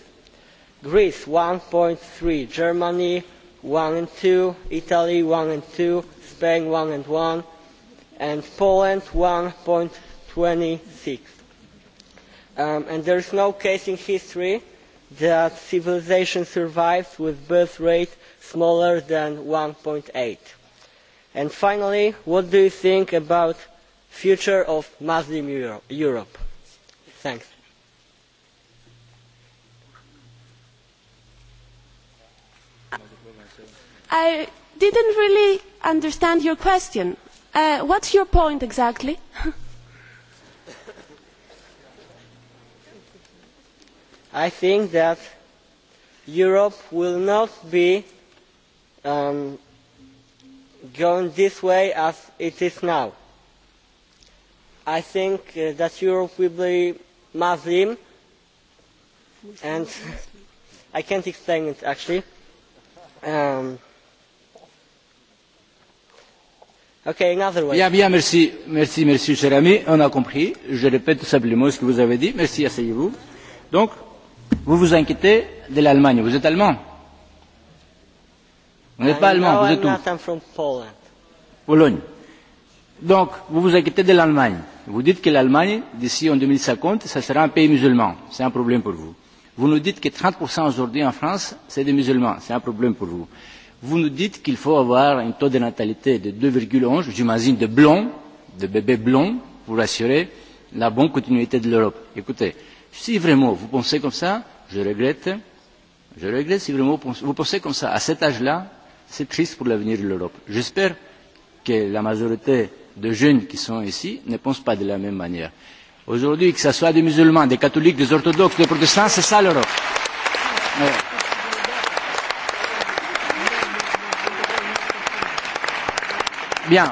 greece one three germany one and two italy one and two spain one and one and poland one twenty six and there is no case in history that civilization survives with birth rate smaller than one eight and finally what do you think about the future of muslim europe? thanks. I didn't really understand your question. What's your point exactly? I think that Europe will not be going this way as it is now. I think that Europe will be Muslim and I can't explain it actually. Bien, bien, merci, merci, merci, cher ami. On a compris. Je répète tout simplement ce que vous avez dit. Merci, asseyez-vous. Donc, vous vous inquiétez de l'Allemagne. Vous êtes allemand Vous n'êtes pas allemand, vous êtes où Pologne. Donc, vous vous inquiétez de l'Allemagne. Vous dites que l'Allemagne, d'ici en 2050, ça sera un pays musulman. C'est un problème pour vous. Vous nous dites que 30% aujourd'hui en France, c'est des musulmans. C'est un problème pour vous vous nous dites qu'il faut avoir un taux de natalité de 2,11, j'imagine de blonds, de bébés blonds, pour assurer la bonne continuité de l'Europe. Écoutez, si vraiment vous pensez comme ça, je regrette, je regrette si vraiment vous pensez comme ça, à cet âge-là, c'est triste pour l'avenir de l'Europe. J'espère que la majorité de jeunes qui sont ici ne pensent pas de la même manière. Aujourd'hui, que ce soit des musulmans, des catholiques, des orthodoxes, des protestants, c'est ça l'Europe. Bien.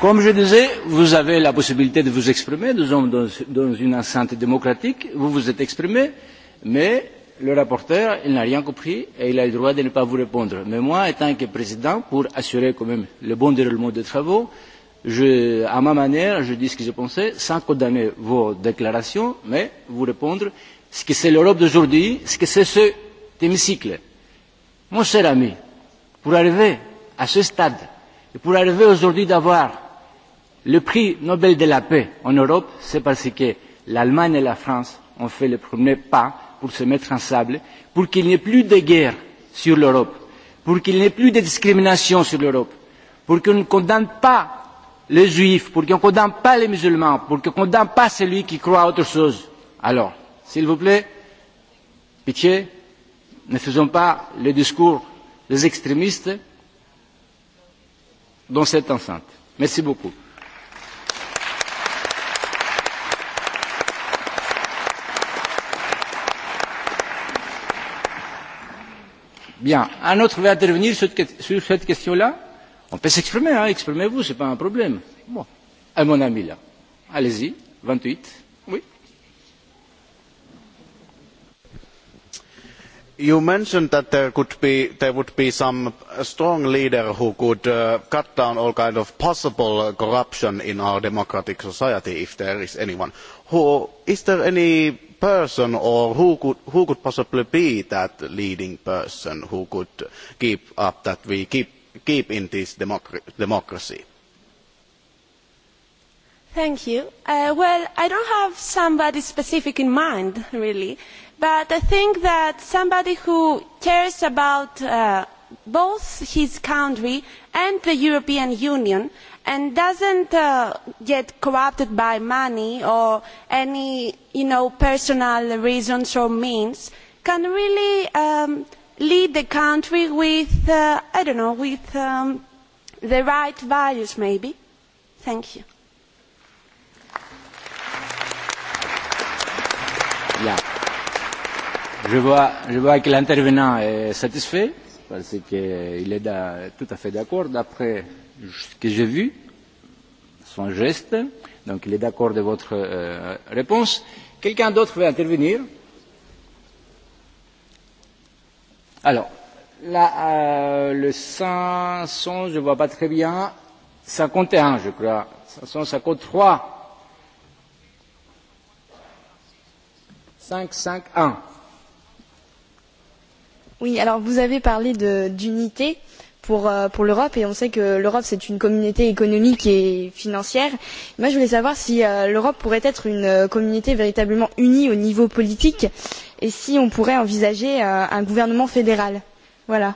Comme je disais, vous avez la possibilité de vous exprimer. Nous sommes dans une enceinte démocratique. Vous vous êtes exprimé, mais le rapporteur, il n'a rien compris et il a le droit de ne pas vous répondre. Mais moi, en tant que président, pour assurer quand même le bon déroulement des travaux, à ma manière, je dis ce que je pensais, sans condamner vos déclarations, mais vous répondre ce que c'est l'Europe d'aujourd'hui, ce que c'est ce hémicycle. Mon cher ami, pour arriver à ce stade, Et pour arriver aujourd'hui d'avoir le prix Nobel de la paix en Europe, c'est parce que l'Allemagne et la France ont fait le premier pas pour se mettre en sable, pour qu'il n'y ait plus de guerre sur l'Europe, pour qu'il n'y ait plus de discrimination sur l'Europe, pour qu'on ne condamne pas les juifs, pour qu'on ne condamne pas les musulmans, pour qu'on ne condamne pas celui qui croit à autre chose. Alors, s'il vous plaît, pitié, ne faisons pas le discours des extrémistes dans cette enceinte. Merci beaucoup. Bien. Un autre veut intervenir sur cette question-là On peut s'exprimer, hein, exprimez-vous, ce n'est pas un problème. Bon. À mon ami là. Allez-y, 28. you mentioned that there would be some strong leader who could cut down all kinds of possible corruption in our democratic society if there is anyone. is there any person or who could possibly be that leading person who could keep up that we keep in this democracy? Thank you. Well, I don't have somebody specific in mind, really. But I think that somebody who cares about both his country and the European Union and doesn't get corrupted by money or any personal reasons or means can really lead the country with, I don't know, with the right values maybe. Thank you. Je vois, je vois que l'intervenant est satisfait parce qu'il est tout à fait d'accord d'après ce que j'ai vu, son geste. Donc il est d'accord de votre réponse. Quelqu'un d'autre veut intervenir Alors, là, le 500, je ne vois pas très bien. 51, je crois. 553. 1. Oui, alors vous avez parlé d'unité pour l'Europe et on sait que l'Europe c'est une communauté économique et financière. Moi je voulais savoir si l'Europe pourrait être une communauté véritablement unie au niveau politique et si on pourrait envisager un gouvernement fédéral. Voilà.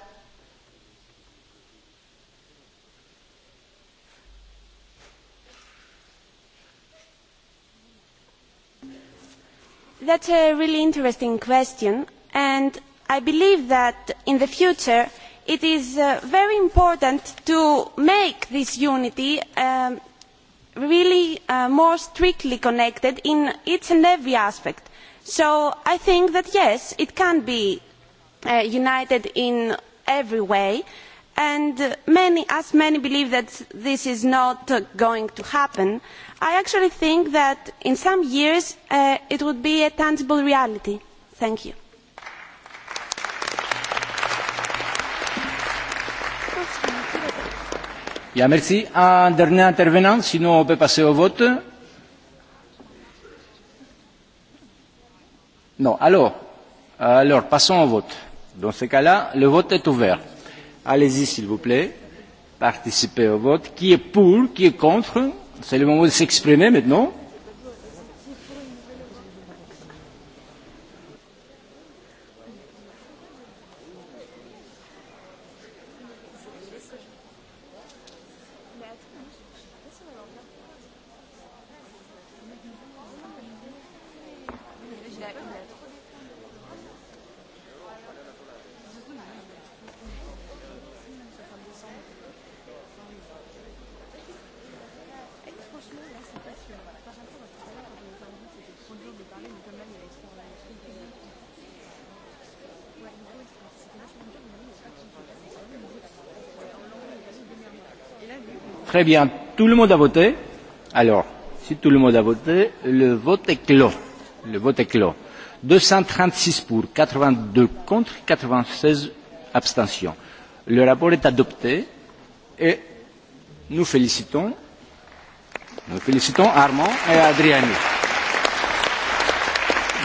interesting question I believe that in the future it is very important to make this unity really more strictly connected in each and every aspect. So I think that yes, it can be united in every way and as many believe that this is not going to happen, I actually think that in some years it would be a tangible reality. Thank you. Bien, merci. Un dernier intervenant, sinon on peut passer au vote. Non, alors, alors passons au vote. Dans ce cas-là, le vote est ouvert. Allez-y, s'il vous plaît. Participez au vote. Qui est pour, qui est contre C'est le moment de s'exprimer maintenant. Très bien. Tout le monde a voté Alors, si tout le monde a voté, le vote est clos. Le vote est clos. 236 pour, 82 contre, 96 abstentions. Le rapport est adopté et nous félicitons, nous félicitons Armand et Adriani.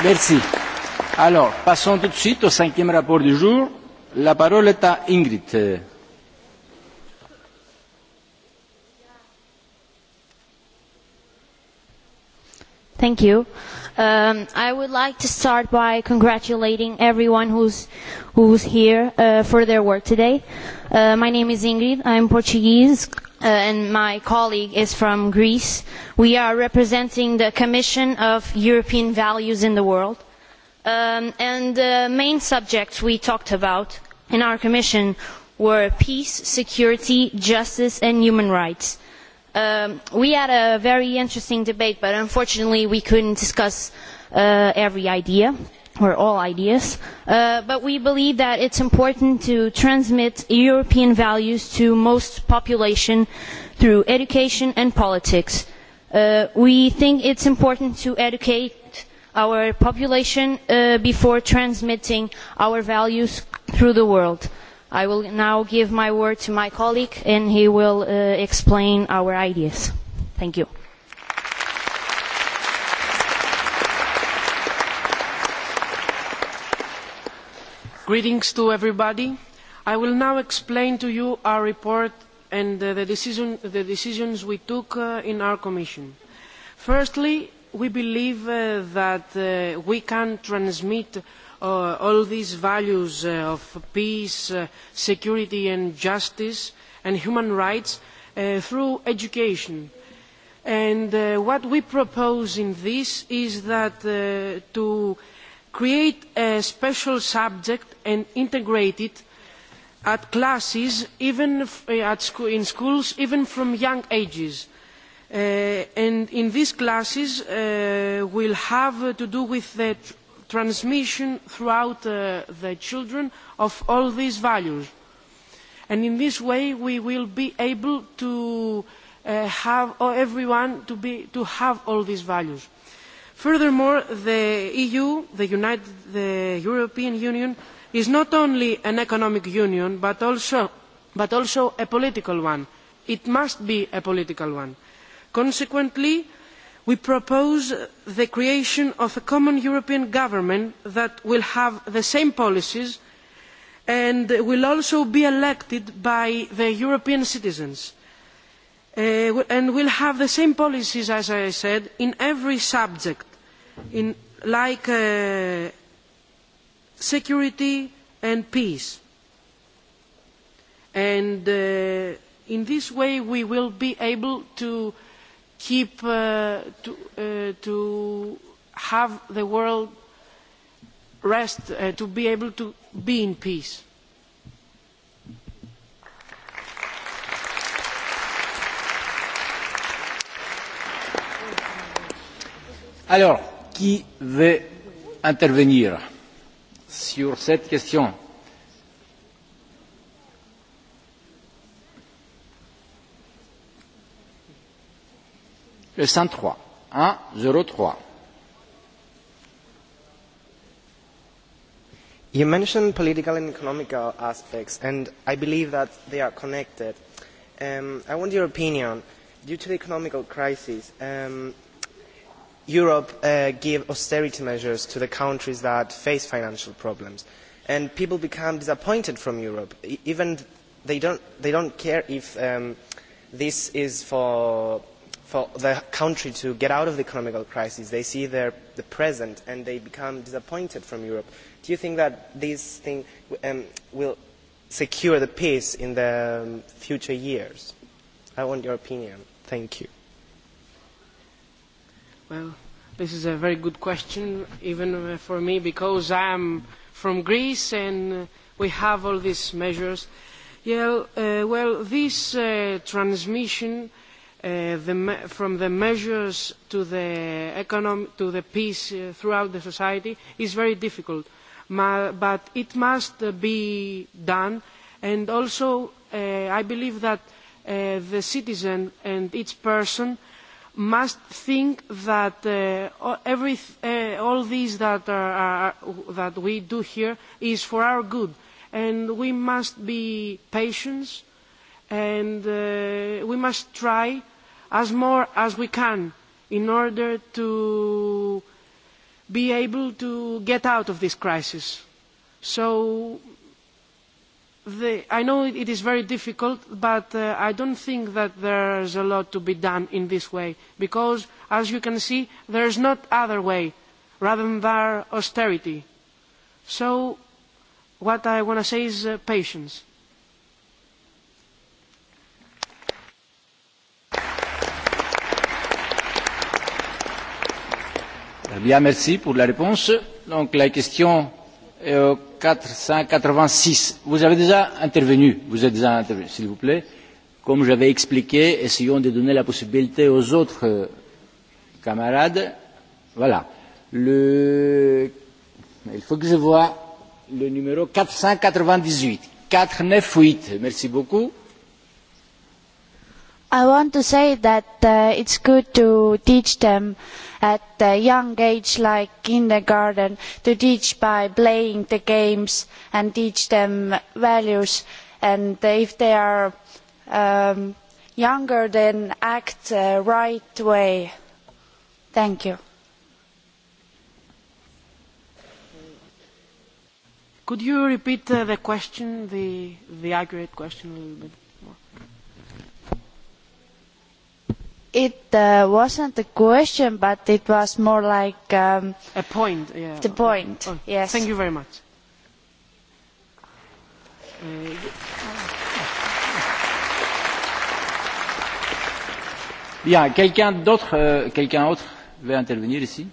Merci. Alors, passons tout de suite au cinquième rapport du jour. La parole est à Ingrid. Thank you. I would like to start by congratulating everyone who's who's here for their work today. My name is Ingrid. I'm Portuguese, and my colleague is from Greece. We are representing the Commission of European Values in the World. And the main subjects we talked about in our commission were peace, security, justice, and human rights We had a very interesting debate, but unfortunately we couldn't discuss every idea or all ideas. But we believe that it's important to transmit European values to most population through education and politics. We think it's important to educate our population before transmitting our values through the world I will now give my word to my colleague and he will explain our ideas. Thank you. Greetings to everybody. I will now explain to you our report and the decision the decisions we took in our Commission. Firstly, we believe that we can transmit all these values of peace, security and justice and human rights through education. And what we propose in this is that to create a special subject and integrate it at classes, even in schools, even from young ages. And in these classes will have to do with the transmission throughout the children of all these values. And in this way we will be able to have everyone to have all these values. Furthermore, the EU, the European Union, is not only an economic union but also a political one. It must be a political one. Consequently, we propose the creation of a common european government that will have the same policies and will also be elected by the european citizens and will have the same policies as i said in every subject like security and peace and in this way we will be able to keep to have the world rest to be able to be in peace. Alors, qui veut intervenir sur cette question Le 103. You mentioned political and economical aspects, and I believe that they are connected. Um, I want your opinion. Due to the economical crisis, um, Europe uh, gave austerity measures to the countries that face financial problems, and people become disappointed from Europe. Even they don't, they don't care if this is for for their country to get out of the economic crisis. They see the present and they become disappointed from Europe. Do you think that this thing will secure the peace in the future years? I want your opinion. Thank you. Well, this is a very good question, even for me, because I am from Greece and we have all these measures. Well, this transmission from the measures to the peace throughout the society is very difficult. But it must be done and also I believe that the citizen and each person must think that all these that we do here is for our good and we must be patient and we must try as more as we can in order to be able to get out of this crisis. So I know it is very difficult, but I don't think that there is a lot to be done in this way, because, as you can see, there is not other way rather than austerity. So what I want to say is patience. merci pour la réponse. Donc la question est au 486. Vous avez déjà intervenu, vous êtes déjà intervenu, s'il vous plaît. Comme j'avais expliqué, essayons de donner la possibilité aux autres camarades. Voilà. Le... Il faut que je voie le numéro 498. 498. Merci beaucoup. I want to say that it's good to teach them at a young age, like kindergarten, to teach by playing the games and teach them values. And if they are younger, then act the right way. Thank you. Could you repeat the question, the accurate question a little bit? It wasn't a question, but it was more like a point. The point. Yes. Thank you very much. Bien, quelqu'un d'autre, quelqu'un autre veut intervenir ici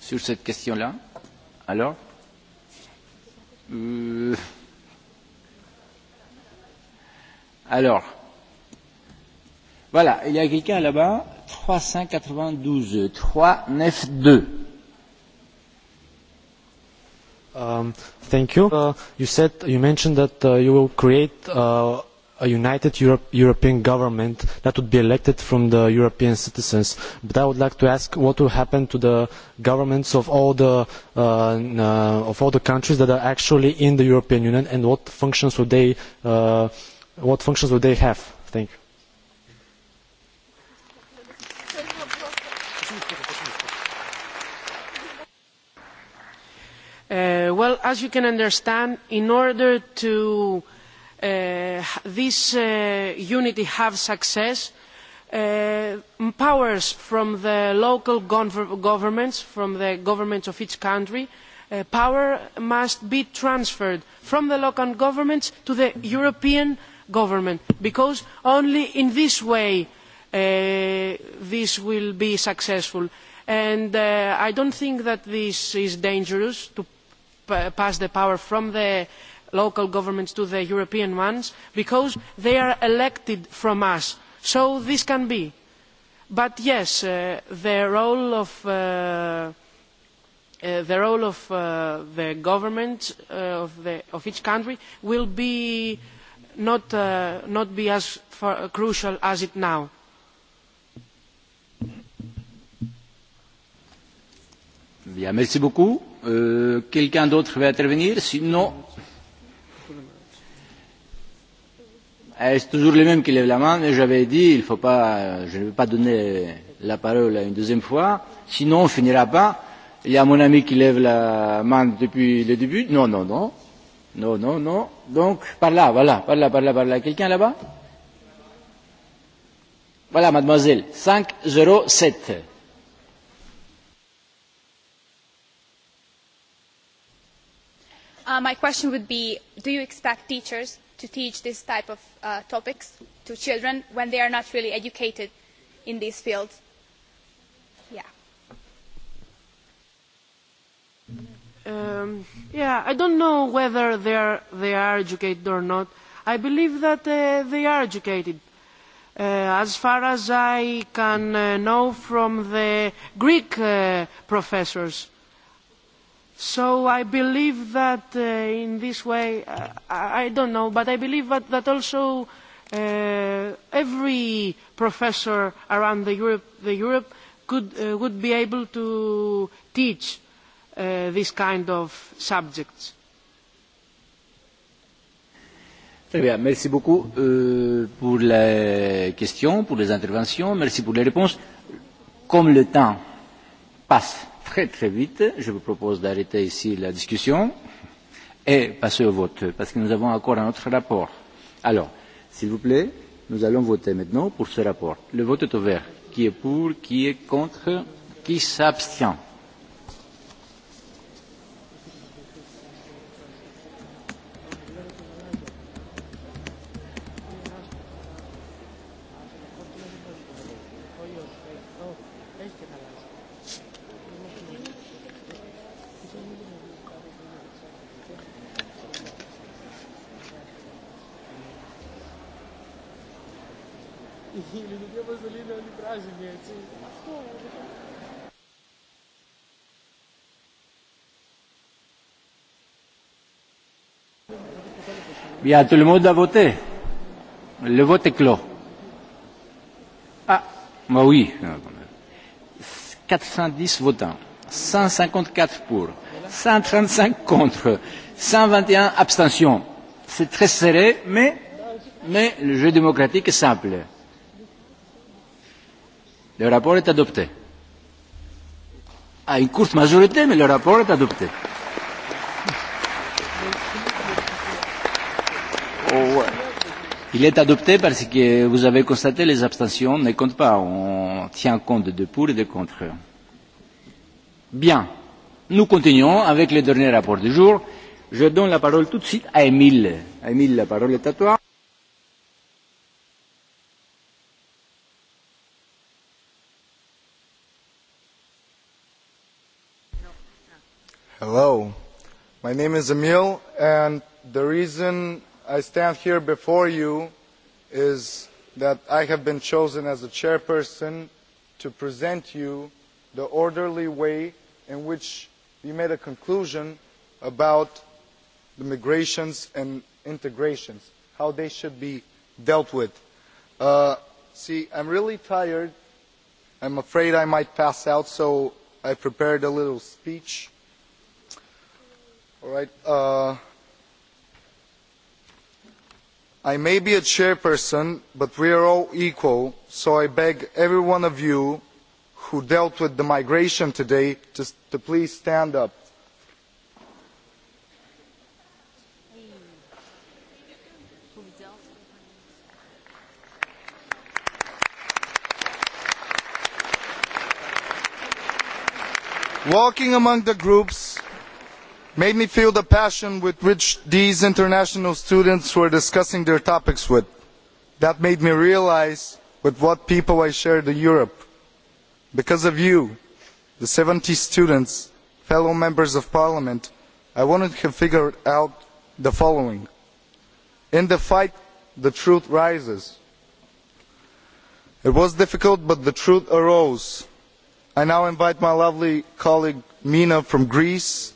sur cette question-là. Alors, alors. Voilà, il y a quelqu'un là-bas, 392, 392. Um, thank you. Uh, you said, you mentioned that uh, you will create uh, a united European government that would be elected from the European citizens. But I would like to ask what will happen to the governments of all the of all the countries that are actually in the European Union and what functions would they what functions will they have? Thank you. well as you can understand in order to this unity have success powers from the local governments from the governments of each country power must be transferred from the local governments to the european government because only in this way this will be successful and i don't think that this is dangerous to pass the power from the local governments to the European ones, because they are elected from us. So this can be. But yes, the role of the government of of each country will not be as crucial as it now. Merci beaucoup. Quelqu'un d'autre veut intervenir Sinon. C'est toujours le même qui lève la main, mais j'avais dit, il faut pas, je ne vais pas donner la parole une deuxième fois, sinon on ne finira pas. Il y a mon ami qui lève la main depuis le début. Non, non, non. Non, non, non. Donc, par là, voilà, par là, par là, par là. Quelqu'un là-bas Voilà, mademoiselle, 507. my question would be do you expect teachers to teach this type of topics to children when they are not really educated in these fields? Yeah, I don't know whether they are educated or not. I believe that they are educated. As far as I can know from the Greek professors So I believe that in this way, I don't know, but I believe that also every professor around the Europe the Europe could, would be able to teach this kind of subjects. Très bien, merci beaucoup pour les questions, pour les interventions, merci pour les réponses. Comme le temps passe très très vite. Je vous propose d'arrêter ici la discussion et passer au vote, parce que nous avons encore un autre rapport. Alors, s'il vous plaît, nous allons voter maintenant pour ce rapport. Le vote est ouvert. Qui est pour Qui est contre Qui s'abstient или где Мазолина, они празднуют. Что? Bien, tout le monde a voté. Le vote est clos. Ah, bah oui. 410 votants, 154 pour, 135 contre, 121 abstentions. C'est très serré, mais, mais le jeu démocratique est simple Le rapport est adopté. À une courte majorité, mais le rapport est adopté. Il est adopté parce que vous avez constaté les abstentions ne comptent pas. On tient compte de pour et de contre. Bien. Nous continuons avec le dernier rapport du jour. Je donne la parole tout de suite à Émile. Émile, la parole est à toi. My name is Emil, and the reason I stand here before you is that I have been chosen as a chairperson to present you the orderly way in which we made a conclusion about the migrations and integrations, how they should be dealt with. See, I'm really tired. I'm afraid I might pass out, so I prepared a little speech right. I may be a chairperson, but we are all equal, so I beg every one of you who dealt with the migration today to please stand up. Walking among the groups made me feel the passion with which these international students were discussing their topics with. That made me realise with what people I shared in Europe. Because of you, the 70 students, fellow members of parliament, I wanted to figure out the following. In the fight, the truth rises. It was difficult, but the truth arose. I now invite my lovely colleague Mina from Greece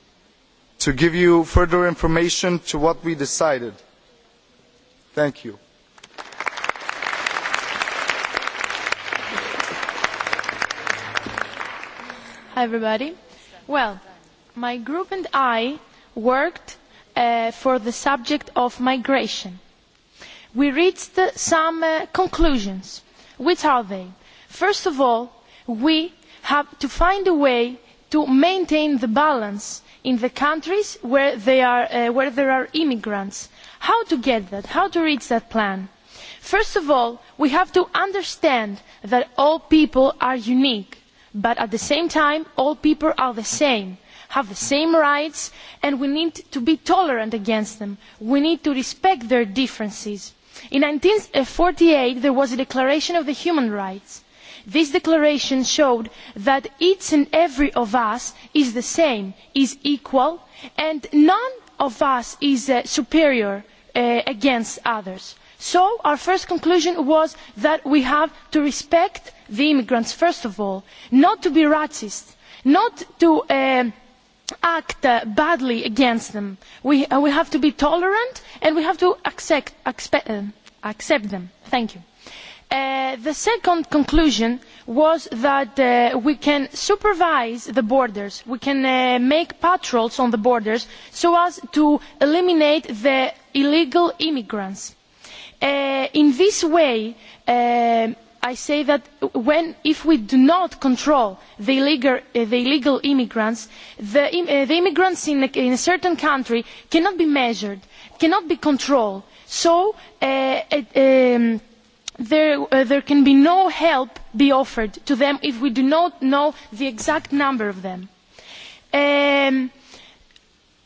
to give you further information to what we decided. Thank you. Hi everybody. Well, my group and I worked for the subject of migration. We reached some conclusions. Which are they? First of all, we have to find a way to maintain the balance in the countries where there are immigrants. How to get that? How to reach that plan? First of all, we have to understand that all people are unique, but at the same time all people are the same, have the same rights and we need to be tolerant against them. We need to respect their differences. In 1948 there was a Declaration of the Human Rights This declaration showed that each and every of us is the same, is equal, and none of us is superior against others. So our first conclusion was that we have to respect the immigrants first of all, not to be racist, not to act badly against them. We have to be tolerant and we have to accept them. Thank you. The second conclusion was that we can supervise the borders, we can make patrols on the borders so as to eliminate the illegal immigrants. In this way, I say that if we do not control the illegal immigrants, the immigrants in a certain country cannot be measured, cannot be controlled. So there can be no help be offered to them if we do not know the exact number of them.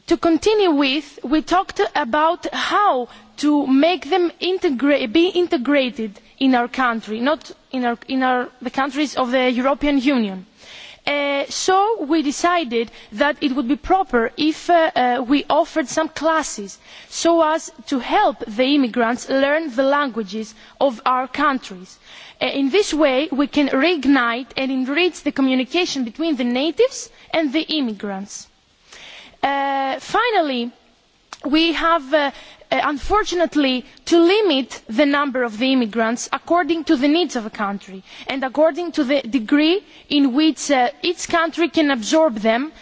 To continue with, we talked about how to make them be integrated in our country, not in the countries of the European Union so we decided that it would be proper if we offered some classes so as to help the immigrants learn the languages of our countries. in this way we can reignite and enrich the communication between the natives and the immigrants. finally we have unfortunately to limit the number of immigrants according to the needs of a country and according to the degree in which each country can absorb them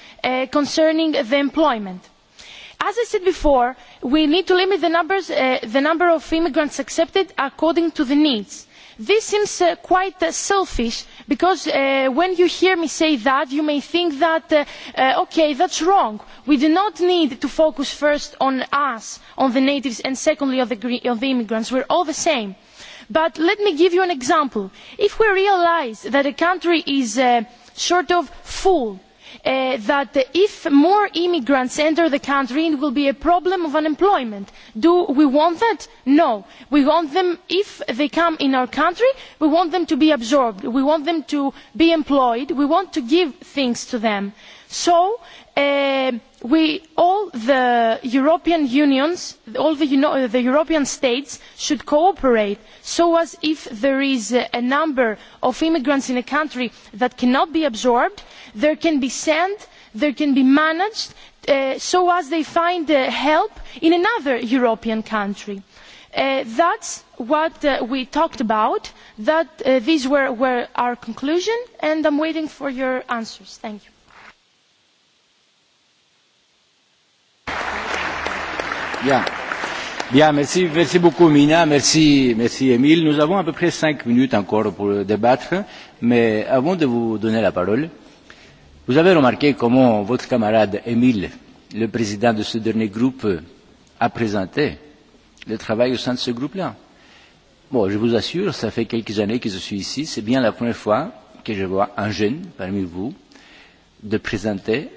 concerning employment. as i said before we need to limit the number of immigrants accepted according to the needs. this seems quite selfish because when you hear me say that you may think that okay that's wrong we do not need to focus first on us on the natives and secondly on the immigrants we are all the same but let me give you an example if we realise that a country is sort of full that if more immigrants enter the country it will be a problem of unemployment. do we want that? no. we want them if they come in our country we want them to be absorbed we want them to be employed we want to give things to them. so all the European unions, all the European states should cooperate so as if there is a number of immigrants in a country that cannot be absorbed, they can be sent, they can be managed so as they find help in another European country. That is what we talked about. These were our conclusion and I am waiting for your answers. Bien. Bien, merci, merci beaucoup Mina, merci, merci Emile. Nous avons à peu près cinq minutes encore pour débattre, mais avant de vous donner la parole, vous avez remarqué comment votre camarade Emile, le président de ce dernier groupe, a présenté le travail au sein de ce groupe-là. Bon, je vous assure, ça fait quelques années que je suis ici, c'est bien la première fois que je vois un jeune parmi vous de présenter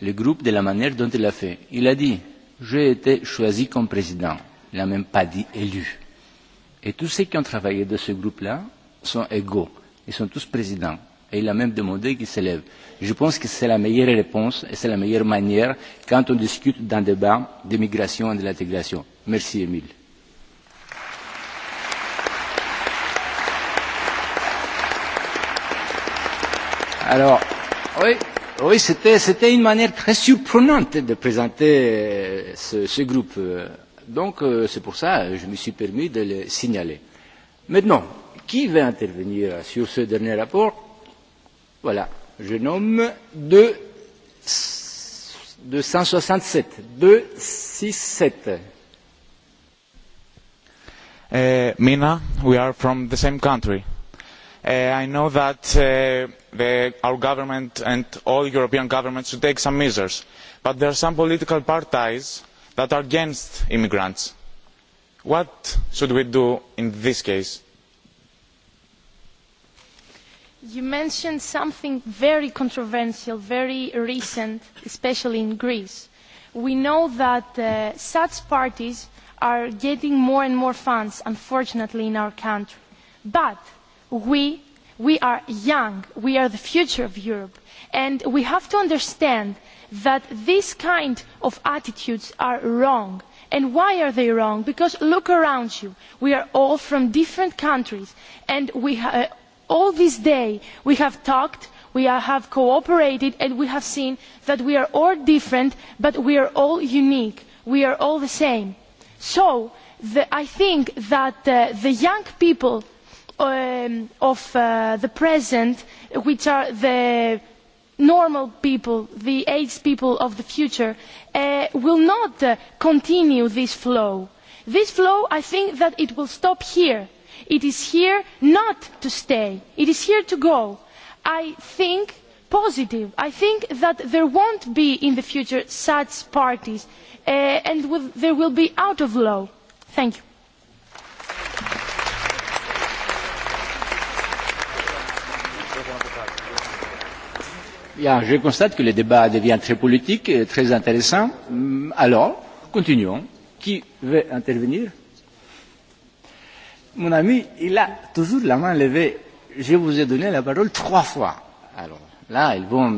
le groupe de la manière dont il a fait. Il a dit J'ai été choisi comme président. Il n'a même pas dit élu. Et tous ceux qui ont travaillé dans ce groupe-là sont égaux. Ils sont tous présidents. Et il a même demandé qu'ils s'élèvent. Je pense que c'est la meilleure réponse et c'est la meilleure manière quand on discute d'un débat de et de l'intégration. Merci, Émile. Alors, oui. Oui, c'était une manière très surprenante de présenter ce groupe. Donc, c'est pour ça que je me suis permis de le signaler. Maintenant, qui va intervenir sur ce dernier rapport Voilà, je nomme 267. 267. Mina, we are from the same country. I know that our government and all European governments should take some measures, but there are some political parties that are against immigrants. What should we do in this case? You mentioned something very controversial, very recent, especially in Greece. We know that such parties are getting more and more funds, unfortunately, in our country. But we we are young we are the future of europe and we have to understand that these kind of attitudes are wrong and why are they wrong because look around you we are all from different countries and all this day we have talked we have cooperated and we have seen that we are all different but we are all unique we are all the same so i think that the young people of the present which are the normal people the aged people of the future will not continue this flow. this flow i think that it will stop here. it is here not to stay it is here to go. i think positive i think that there won't be in the future such parties and there will be out of law. thank you. Bien, je constate que le débat devient très politique et très intéressant. Alors, continuons. Qui veut intervenir Mon ami, il a toujours la main levée. Je vous ai donné la parole trois fois. Alors là, ils vont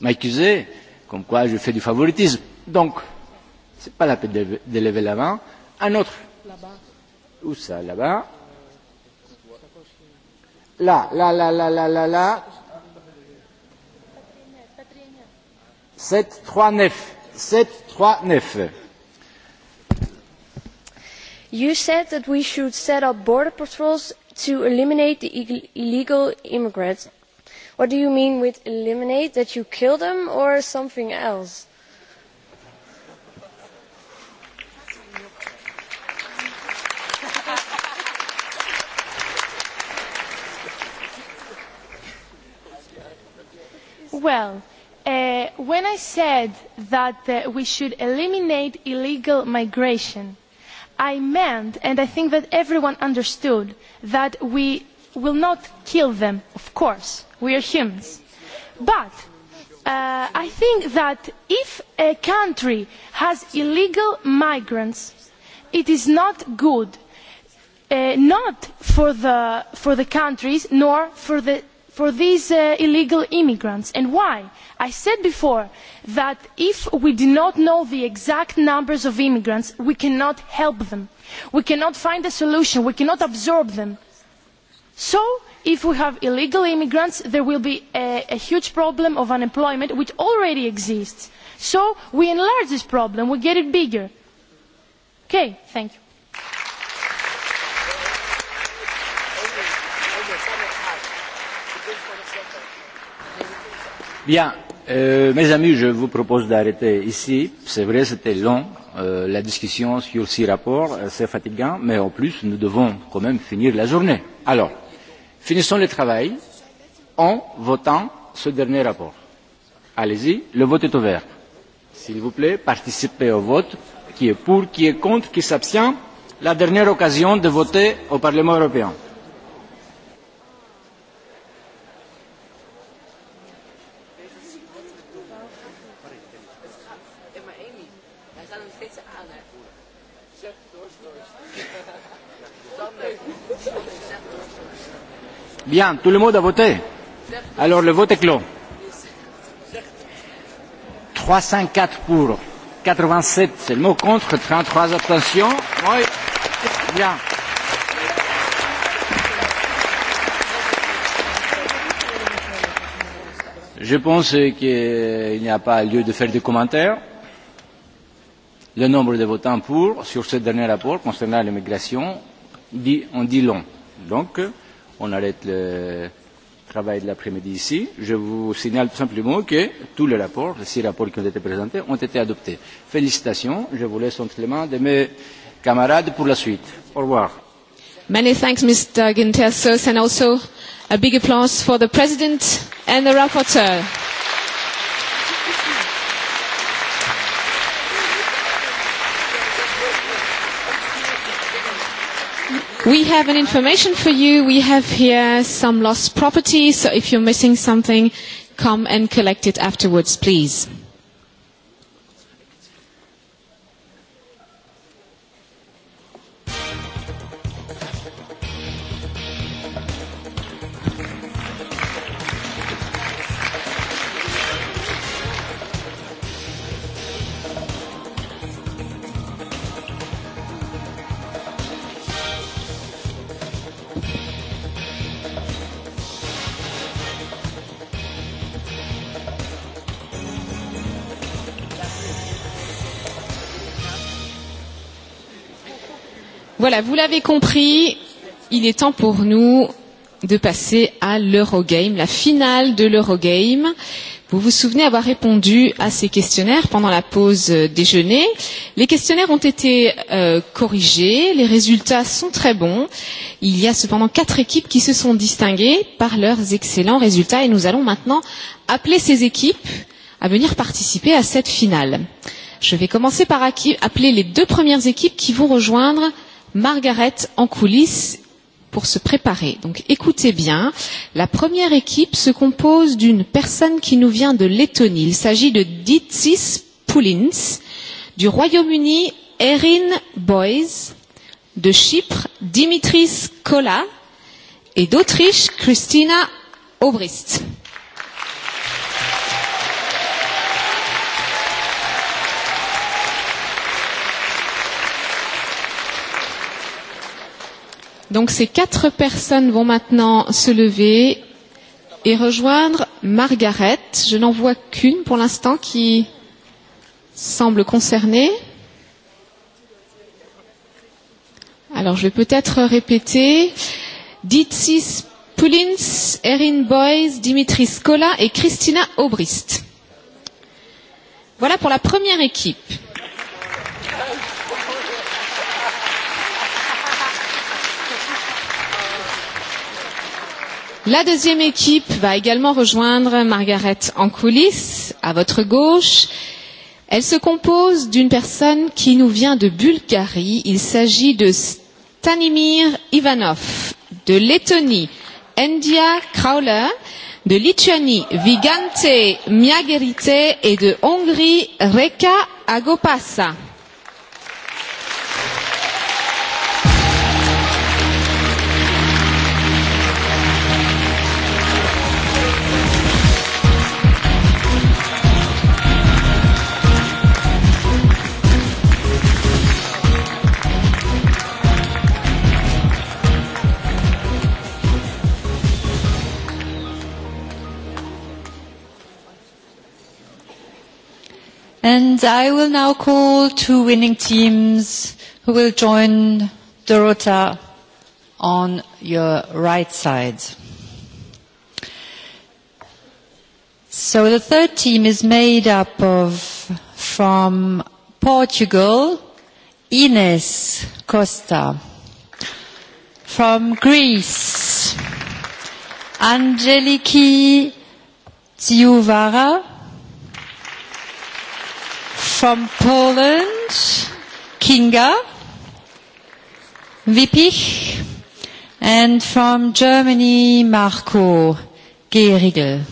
m'accuser comme quoi je fais du favoritisme. Donc, ce n'est pas la peine de lever la main. Un autre. Où ça, là-bas Là, là, là, là, là, là, là. You said that we should set up border patrols to eliminate the illegal immigrants. What do you mean with eliminate? That you kill them or something else? Well When I said that we should eliminate illegal migration, I meant, and I think that everyone understood, that we will not kill them, of course. We are humans. But I think that if a country has illegal migrants, it is not good, not for the countries nor for the for these illegal immigrants and why? i said before that if we do not know the exact numbers of immigrants we cannot help them we cannot find a solution we cannot absorb them. so if we have illegal immigrants there will be a huge problem of unemployment which already exists so we enlarge this problem we get it bigger. okay thank you. Bien, mes amis, je vous propose d'arrêter ici. C'est vrai, c'était long, la discussion sur six rapports, c'est fatigant, mais en plus, nous devons quand même finir la journée. Alors, finissons le travail en votant ce dernier rapport. Allez-y, le vote est ouvert. S'il vous plaît, participez au vote. Qui est pour, qui est contre, qui s'abstient La dernière occasion de voter au Parlement européen. Bien, tout le monde a voté Alors le vote est clos. 304 pour, 87 mot contre, 33 abstentions. Oui, bien. Je pense qu'il n'y a pas lieu de faire des commentaires. Le nombre de votants pour sur ce dernier rapport concernant l'immigration dit, on dit long. Donc, on arrête le travail de l'après-midi ici. Je vous signale tout simplement que tous les rapports, les six rapports qui ont été présentés, ont été adoptés. Félicitations. Je vous laisse entre les mains de mes camarades pour la suite. Au revoir. Many thanks, Mr. Gintersos, and also a big applause for the President and the rapporteur. We have an information for you. We have here some lost property, so if you're missing something, come and collect it afterwards, please. Voilà, vous l'avez compris, il est temps pour nous de passer à l'Eurogame, la finale de l'Eurogame. Vous vous souvenez avoir répondu à ces questionnaires pendant la pause déjeuner. Les questionnaires ont été corrigés, les résultats sont très bons. Il y a cependant quatre équipes qui se sont distinguées par leurs excellents résultats et nous allons maintenant appeler ces équipes à venir participer à cette finale. Je vais commencer par appeler les deux premières équipes qui vont rejoindre Margaret en coulisses pour se préparer. Donc écoutez bien, la première équipe se compose d'une personne qui nous vient de Lettonie. Il s'agit de Ditsis Poulins, du Royaume-Uni, Erin Boys, de Chypre, Dimitris Kola et d'Autriche, Christina Obrist. Donc ces quatre personnes vont maintenant se lever et rejoindre Margaret. Je n'en vois qu'une pour l'instant qui semble concernée. Alors je vais peut-être répéter. Ditsis Poulins, Erin Boyce, Dimitri Scola et Christina Aubrist. Voilà pour la première équipe. La deuxième équipe va également rejoindre Margaret en coulisses, à votre gauche. Elle se compose d'une personne qui nous vient de Bulgarie. Il s'agit de Stanimir Ivanov, de Lettonie, Endia Krauler, de Lituanie, Vigante Miagerite et de Hongrie, Reka Agopasa. And I will now call two winning teams who will join Dorota on your right side. So the third team is made up of from Portugal, Ines Costa. From Greece, Angeliki Tsiouvara from Poland, Kinga Wippich, and from Germany, Marco Gerigl.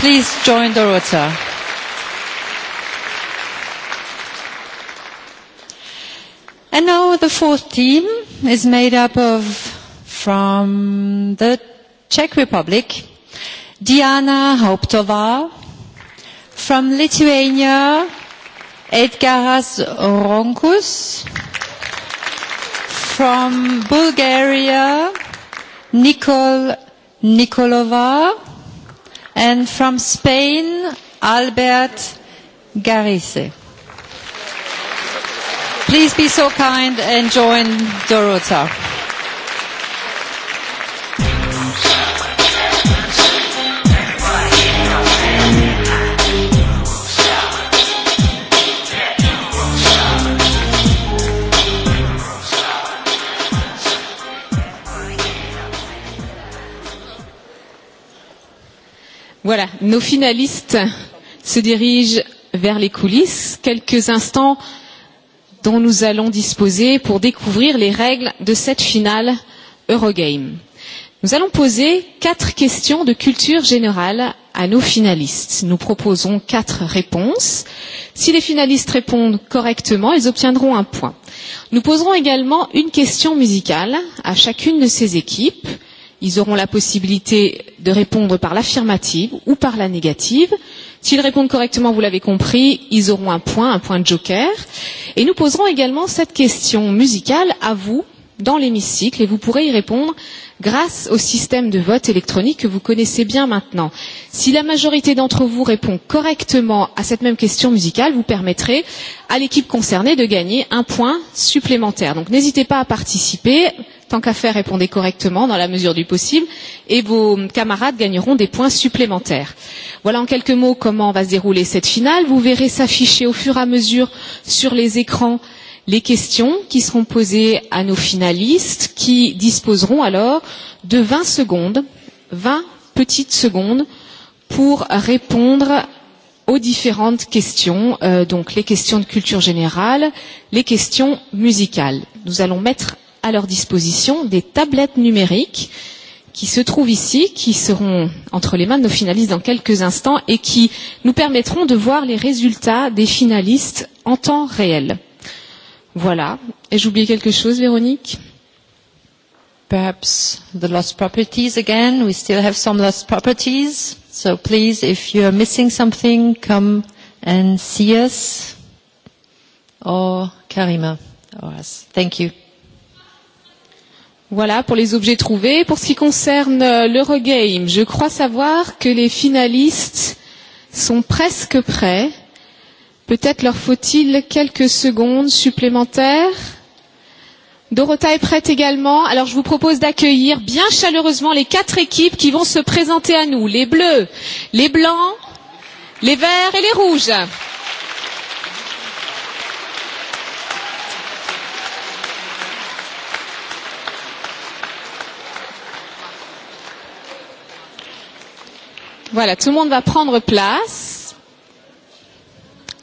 Please join Dorota. And now the fourth team is made up of, from the Czech Republic, Diana Hauptová, From Lithuania, Edgaras Ronkus. From Bulgaria, Nicole Nikolova. And from Spain, Albert Garise. Please be so kind and join Dorota. Voilà, nos finalistes se dirigent vers les coulisses. Quelques instants dont nous allons disposer pour découvrir les règles de cette finale Eurogame. Nous allons poser quatre questions de culture générale à nos finalistes. Nous proposons quatre réponses. Si les finalistes répondent correctement, ils obtiendront un point. Nous poserons également une question musicale à chacune de ces équipes ils auront la possibilité de répondre par l'affirmative ou par la négative. S'ils répondent correctement, vous l'avez compris, ils auront un point, un point de joker. Et nous poserons également cette question musicale à vous, dans l'hémicycle, et vous pourrez y répondre grâce au système de vote électronique que vous connaissez bien maintenant. Si la majorité d'entre vous répond correctement à cette même question musicale, vous permettrez à l'équipe concernée de gagner un point supplémentaire. Donc n'hésitez pas à participer tant qu'à faire, répondez correctement dans la mesure du possible et vos camarades gagneront des points supplémentaires. Voilà en quelques mots comment va se dérouler cette finale. Vous verrez s'afficher au fur et à mesure sur les écrans les questions qui seront posées à nos finalistes qui disposeront alors de 20 secondes, 20 petites secondes pour répondre aux différentes questions, donc les questions de culture générale, les questions musicales. Nous allons mettre à leur disposition des tablettes numériques qui se trouvent ici, qui seront entre les mains de nos finalistes dans quelques instants et qui nous permettront de voir les résultats des finalistes en temps réel. Voilà. Ai-je oublié quelque chose, Véronique Perhaps the lost properties again. We still have some lost properties. So please, if you are missing something, come and see us or Karima or us. Thank you. Voilà pour les objets trouvés. Pour ce qui concerne l'Eurogame, je crois savoir que les finalistes sont presque prêts. Peut-être leur faut-il quelques secondes supplémentaires. Dorota est prête également. Alors je vous propose d'accueillir bien chaleureusement les quatre équipes qui vont se présenter à nous. Les bleus, les blancs, les verts et les rouges. Voilà, tout le monde va prendre place.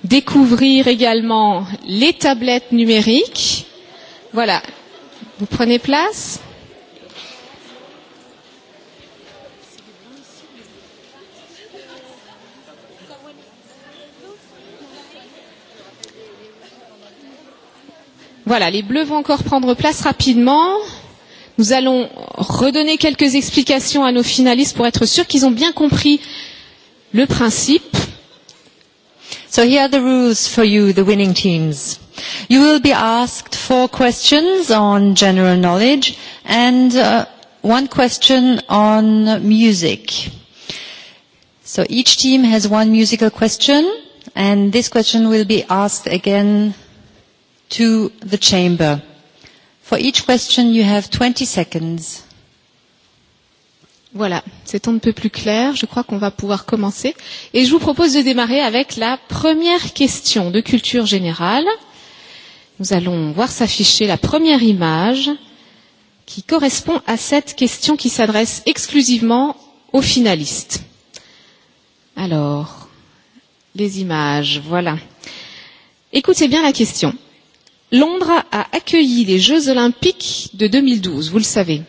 Découvrir également les tablettes numériques. Voilà, vous prenez place. Voilà, les bleus vont encore prendre place rapidement. Nous allons redonner quelques explications à nos finalistes pour être sûrs qu'ils ont bien compris le principe. So here are the rules for you, the winning teams. You will be asked four questions on general knowledge and one question on music. So each team has one musical question and this question will be asked again to the chamber. For each question, you have 20 seconds. Voilà, c'est un peu plus clair. Je crois qu'on va pouvoir commencer. Et je vous propose de démarrer avec la première question de culture générale. Nous allons voir s'afficher la première image qui correspond à cette question qui s'adresse exclusivement aux finalistes. Alors, les images, voilà. Écoutez bien la question. Londres a accueilli les Jeux olympiques de 2012, vous le savez.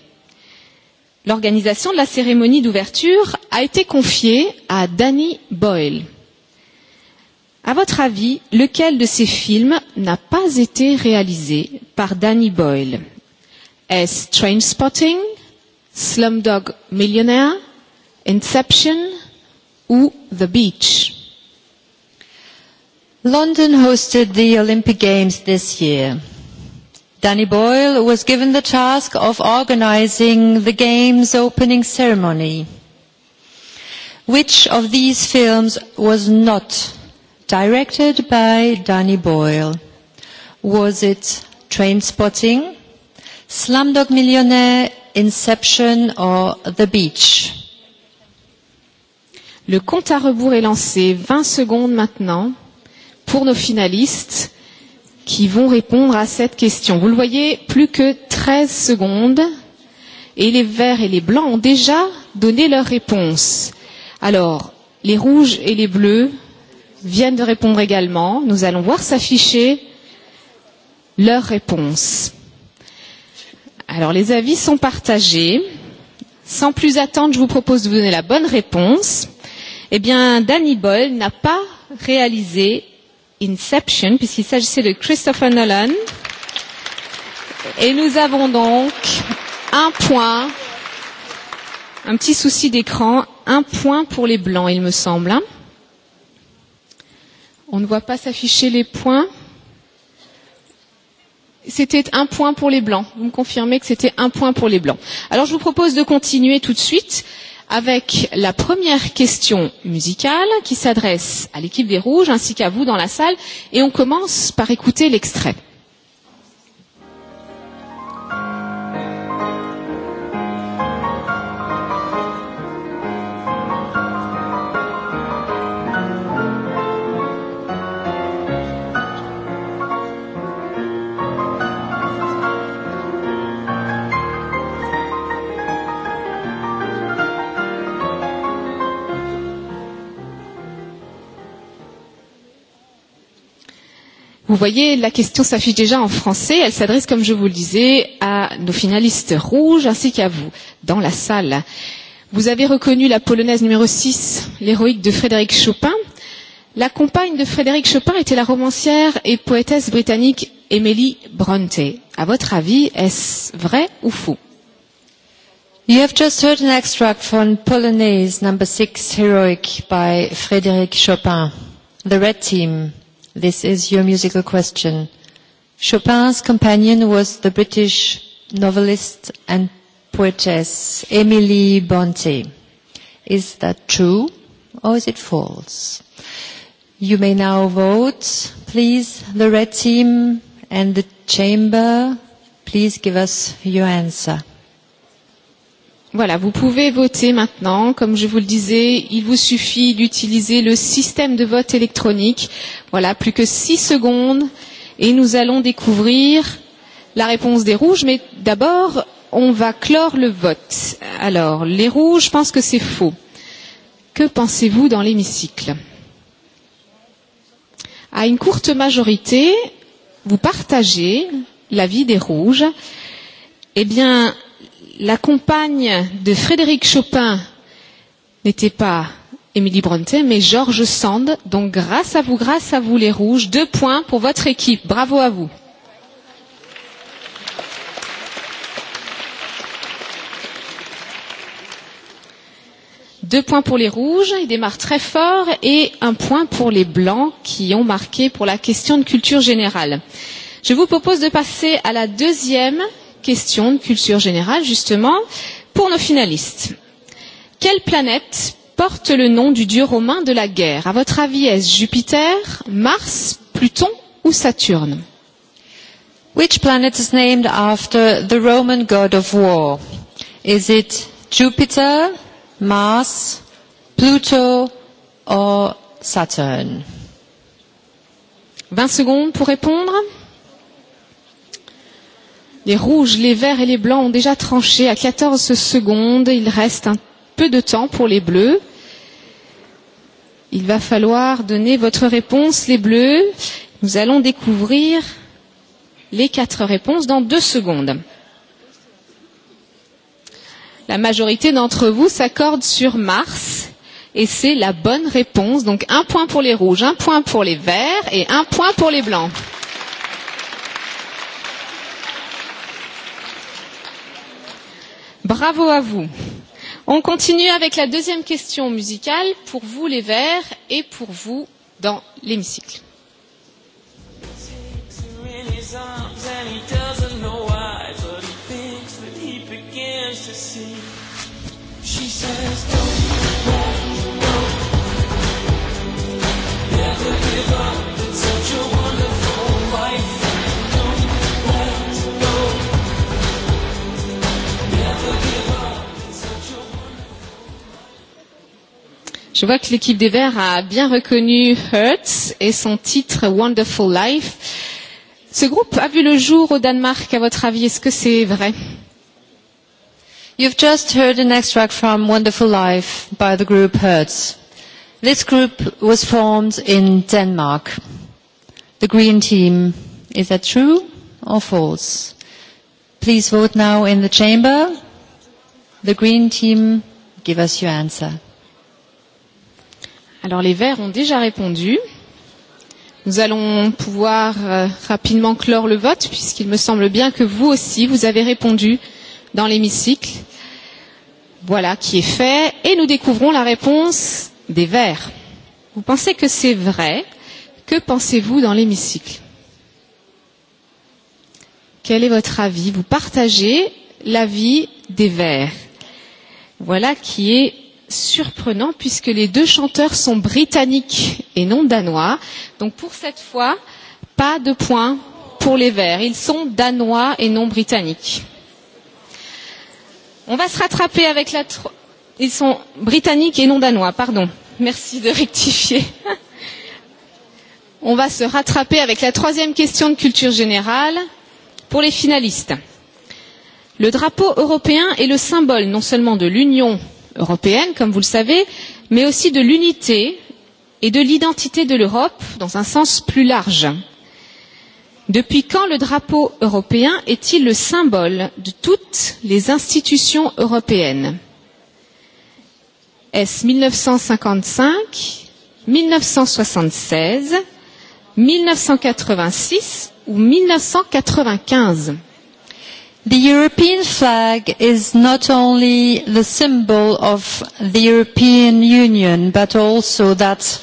L'organisation de la cérémonie d'ouverture a été confiée à Danny Boyle. À votre avis, lequel de ces films n'a pas été réalisé par Danny Boyle Est-ce Trainspotting, Slumdog Millionaire, Inception ou The Beach London hosted the Olympic Games this year. Danny Boyle was given the task of organizing the Games opening ceremony. Which of these films was not directed by Danny Boyle? Was it Train Spotting, Slumdog Millionaire, Inception or The Beach? Le compte à rebours est lancé. 20 secondes maintenant pour nos finalistes qui vont répondre à cette question. Vous le voyez, plus que 13 secondes et les verts et les blancs ont déjà donné leur réponse. Alors, les rouges et les bleus viennent de répondre également. Nous allons voir s'afficher leur réponse. Alors, les avis sont partagés. Sans plus attendre, je vous propose de vous donner la bonne réponse. Eh bien, Danny Boyle n'a pas réalisé Inception, puisqu'il s'agissait de Christopher Nolan. Et nous avons donc un point, un petit souci d'écran, un point pour les blancs, il me semble. On ne voit pas s'afficher les points. C'était un point pour les blancs. Vous me confirmez que c'était un point pour les blancs. Alors je vous propose de continuer tout de suite avec la première question musicale qui s'adresse à l'équipe des Rouges ainsi qu'à vous dans la salle et on commence par écouter l'extrait. Vous voyez, la question s'affiche déjà en français. Elle s'adresse, comme je vous le disais, à nos finalistes rouges ainsi qu'à vous, dans la salle. Vous avez reconnu la polonaise numéro 6, l'héroïque de Frédéric Chopin. La compagne de Frédéric Chopin était la romancière et poétesse britannique Emily Bronte. À votre avis, est-ce vrai ou faux You have just heard an extract from Polonaise number 6 heroic by Frédéric Chopin. The red team This is your musical question. Chopin's companion was the British novelist and poetess Emily Bonte. Is that true or is it false? You may now vote. Please, the red team and the chamber, please give us your answer. Voilà, vous pouvez voter maintenant. Comme je vous le disais, il vous suffit d'utiliser le système de vote électronique. Voilà, plus que 6 secondes et nous allons découvrir la réponse des rouges. Mais d'abord, on va clore le vote. Alors, les rouges pensent que c'est faux. Que pensez-vous dans l'hémicycle À une courte majorité, vous partagez l'avis des rouges. Eh bien, la compagne de Frédéric Chopin n'était pas Émilie Bronte, mais Georges Sand. Donc grâce à vous, grâce à vous les Rouges, deux points pour votre équipe. Bravo à vous. Deux points pour les rouges, ils démarrent très fort, et un point pour les blancs qui ont marqué pour la question de culture générale. Je vous propose de passer à la deuxième question de culture générale, justement, pour nos finalistes. Quelle planète porte le nom du dieu romain de la guerre À votre avis, est-ce Jupiter, Mars, Pluton ou Saturne Which planet is named after the Roman god of war Is it Jupiter, Mars, Pluto or Saturn 20 secondes pour répondre. Les rouges, les verts et les blancs ont déjà tranché à 14 secondes. Il reste un peu de temps pour les bleus. Il va falloir donner votre réponse, les bleus. Nous allons découvrir les quatre réponses dans deux secondes. La majorité d'entre vous s'accorde sur Mars et c'est la bonne réponse. Donc un point pour les rouges, un point pour les verts et un point pour les blancs. Bravo à vous. On continue avec la deuxième question musicale pour vous les Verts et pour vous dans l'hémicycle. She says Je vois que l'équipe des Verts a bien reconnu Hertz et son titre Wonderful Life. Ce groupe a vu le jour au Danemark, à votre avis, est-ce que c'est vrai You've just heard an extract from Wonderful Life by the group Hertz. This group was formed in Denmark. The green team, is that true or false Please vote now in the chamber. The green team, give us your answer. Alors les verts ont déjà répondu. Nous allons pouvoir rapidement clore le vote puisqu'il me semble bien que vous aussi, vous avez répondu dans l'hémicycle. Voilà qui est fait. Et nous découvrons la réponse des verts. Vous pensez que c'est vrai Que pensez-vous dans l'hémicycle Quel est votre avis Vous partagez l'avis des verts. Voilà qui est surprenant puisque les deux chanteurs sont britanniques et non danois. Donc pour cette fois, pas de points pour les verts. Ils sont danois et non britanniques. On va se rattraper avec la... Ils sont britanniques et non danois, pardon. Merci de rectifier. On va se rattraper avec la troisième question de culture générale pour les finalistes. Le drapeau européen est le symbole non seulement de l'Union européenne, comme vous le savez, mais aussi de l'unité et de l'identité de l'Europe dans un sens plus large. Depuis quand le drapeau européen est-il le symbole de toutes les institutions européennes Est-ce mille mille mille neuf neuf neuf cent cent cent cinquante cinq, soixante seize, quatre vingt six ou mille neuf cent quatre quinze? The European flag is not only the symbol of the European Union, but also that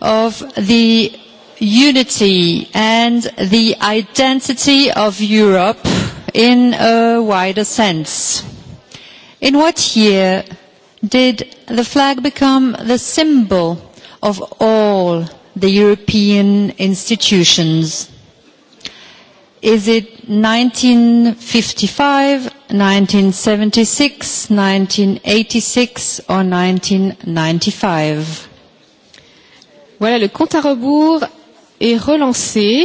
of the unity and the identity of Europe in a wider sense. In what year did the flag become the symbol of all the European institutions? Is it 1955, 1976, 1986 or 1995 Voilà, le compte à rebours est relancé.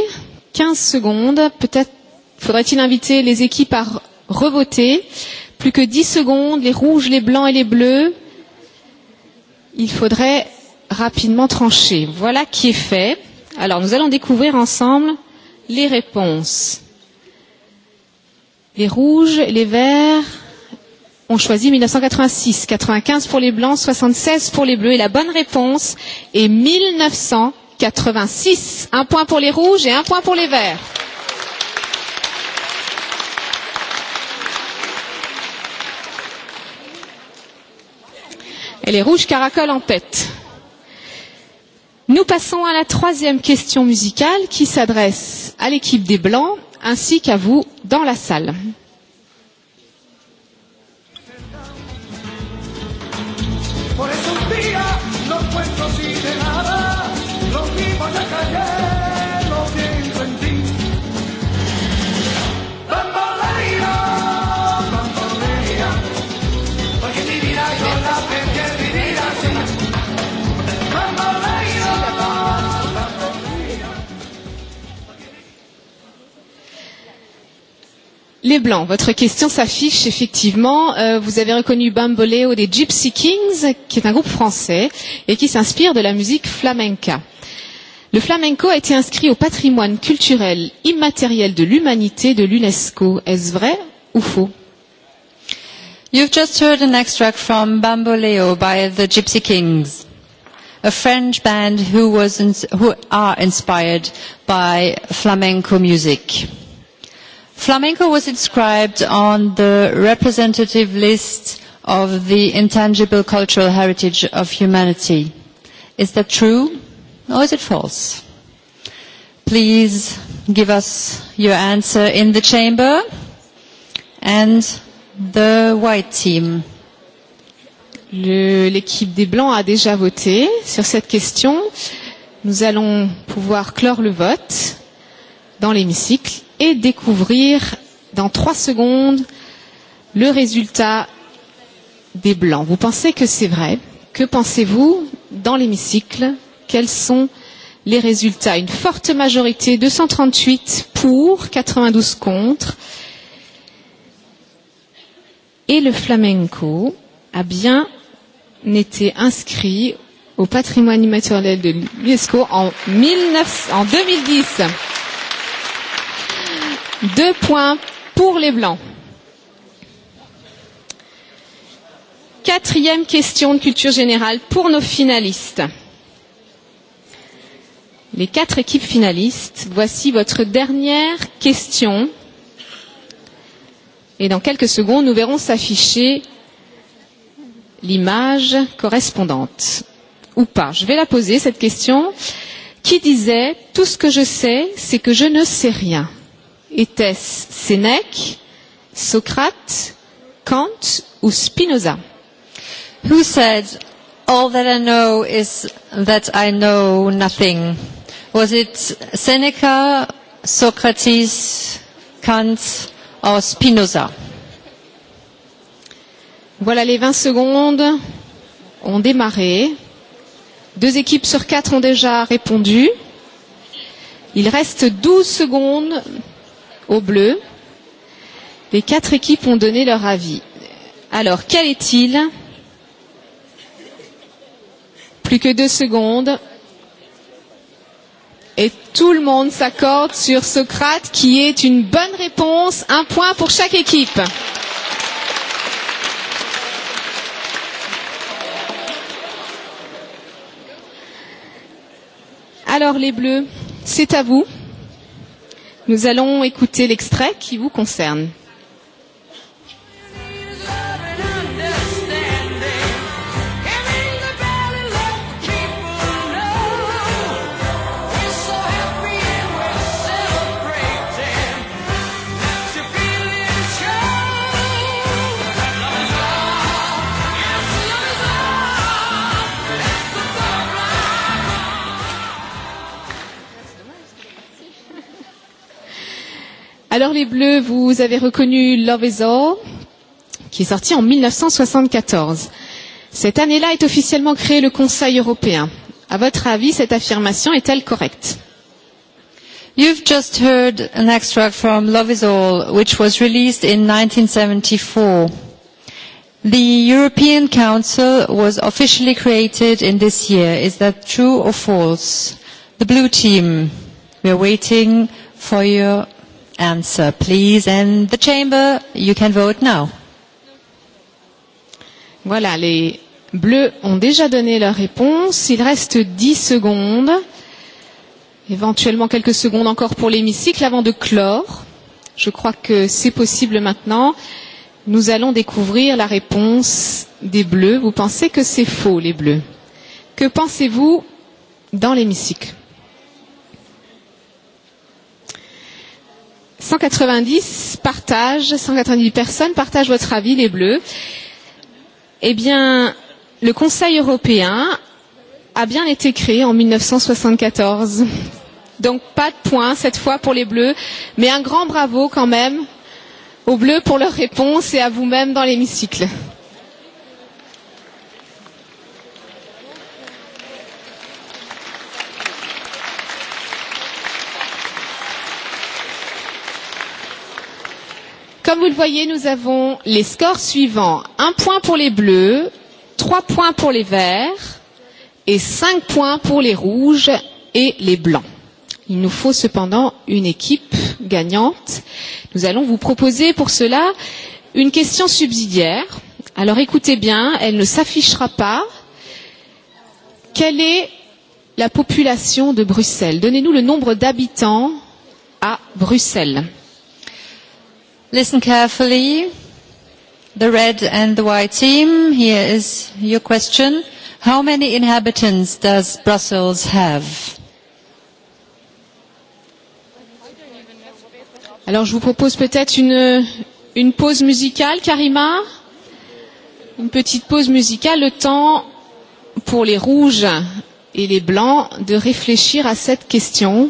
15 secondes. Peut-être faudrait-il inviter les équipes à revoter. Plus que 10 secondes, les rouges, les blancs et les bleus. Il faudrait rapidement trancher. Voilà qui est fait. Alors, nous allons découvrir ensemble les réponses. Les rouges, les verts ont choisi 1986, 95 pour les blancs, 76 pour les bleus. Et la bonne réponse est 1986. Un point pour les rouges et un point pour les verts. Et les rouges caracolent en tête. Nous passons à la troisième question musicale qui s'adresse à l'équipe des Blancs ainsi qu'à vous dans la salle. Les Blancs, votre question s'affiche effectivement. Vous avez reconnu Bamboleo des Gypsy Kings, qui est un groupe français et qui s'inspire de la musique flamenca. Le flamenco a été inscrit au patrimoine culturel immatériel de l'humanité de l'UNESCO. Est-ce vrai ou faux You've just heard an extract from Bamboleo by the Gypsy Kings, a French band who, was who are inspired by flamenco music. Flamenco was inscribed on the representative list of the intangible cultural heritage of humanity. Is that true or is it false? Please give us your answer in the chamber and the white team. L'équipe des Blancs a déjà voté sur cette question. Nous allons pouvoir clore le vote dans l'hémicycle et découvrir dans trois secondes le résultat des blancs. Vous pensez que c'est vrai Que pensez-vous dans l'hémicycle Quels sont les résultats Une forte majorité, 238 pour, 92 contre. Et le flamenco a bien été inscrit au patrimoine immatériel de l'UNESCO en 2010. Deux points pour les Blancs. Quatrième question de culture générale pour nos finalistes. Les quatre équipes finalistes, voici votre dernière question. Et dans quelques secondes, nous verrons s'afficher l'image correspondante. Ou pas. Je vais la poser, cette question. Qui disait Tout ce que je sais, c'est que je ne sais rien Était-ce Sénèque, Socrate, Kant ou Spinoza? Who said, all that I know is that I know nothing? Was it Seneca, Socrates, Kant or Spinoza? Voilà, les 20 secondes ont démarré. Deux équipes sur quatre ont déjà répondu. Il reste 12 secondes au bleu. Les quatre équipes ont donné leur avis. Alors, quel est-il Plus que deux secondes. Et tout le monde s'accorde sur Socrate, qui est une bonne réponse. Un point pour chaque équipe. Alors, les bleus, c'est à vous. Nous allons écouter l'extrait qui vous concerne. Alors les bleus, vous avez reconnu Love is All, qui est sorti en 1974. Cette année-là est officiellement créé le Conseil européen. À votre avis, cette affirmation est-elle correcte You've just heard an extract from Love is All, which was released in 1974. The European Council was officially created in this year. Is that true or false? The blue team, we are waiting for your answer, please. And the chamber, you can vote now. Voilà, les bleus ont déjà donné leur réponse. Il reste 10 secondes, éventuellement quelques secondes encore pour l'hémicycle avant de clore. Je crois que c'est possible maintenant. Nous allons découvrir la réponse des bleus. Vous pensez que c'est faux, les bleus. Que pensez-vous dans l'hémicycle 190 partagent, 190 personnes partagent votre avis, les bleus. Eh bien, le Conseil européen a bien été créé en 1974. Donc pas de points cette fois pour les bleus, mais un grand bravo quand même aux bleus pour leur réponse et à vous-même dans l'hémicycle. Comme vous le voyez, nous avons les scores suivants. Un point pour les bleus, trois points pour les verts et cinq points pour les rouges et les blancs. Il nous faut cependant une équipe gagnante. Nous allons vous proposer pour cela une question subsidiaire. Alors écoutez bien, elle ne s'affichera pas. Quelle est la population de Bruxelles Donnez-nous le nombre d'habitants à Bruxelles. Listen carefully. The red and the white team. Here is your question. How many inhabitants does Brussels have? Alors je vous propose peut-être une, une pause musicale, Karima. Une petite pause musicale, le temps pour les rouges et les blancs de réfléchir à cette question.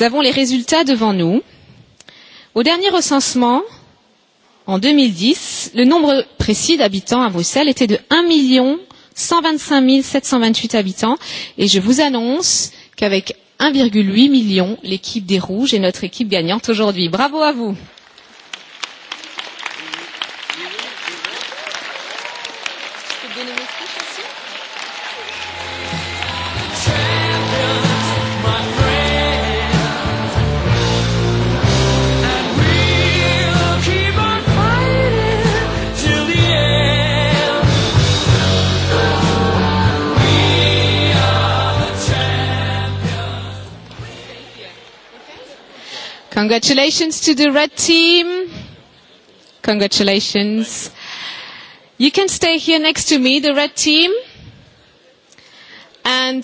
Nous avons les résultats devant nous. Au dernier recensement, en 2010, le nombre précis d'habitants à Bruxelles était de 1 125 728 habitants. Et je vous annonce qu'avec 1,8 million, l'équipe des Rouges est notre équipe gagnante aujourd'hui. Bravo à vous. Congratulations to the red team. Congratulations. You can stay here next to me, the red team. And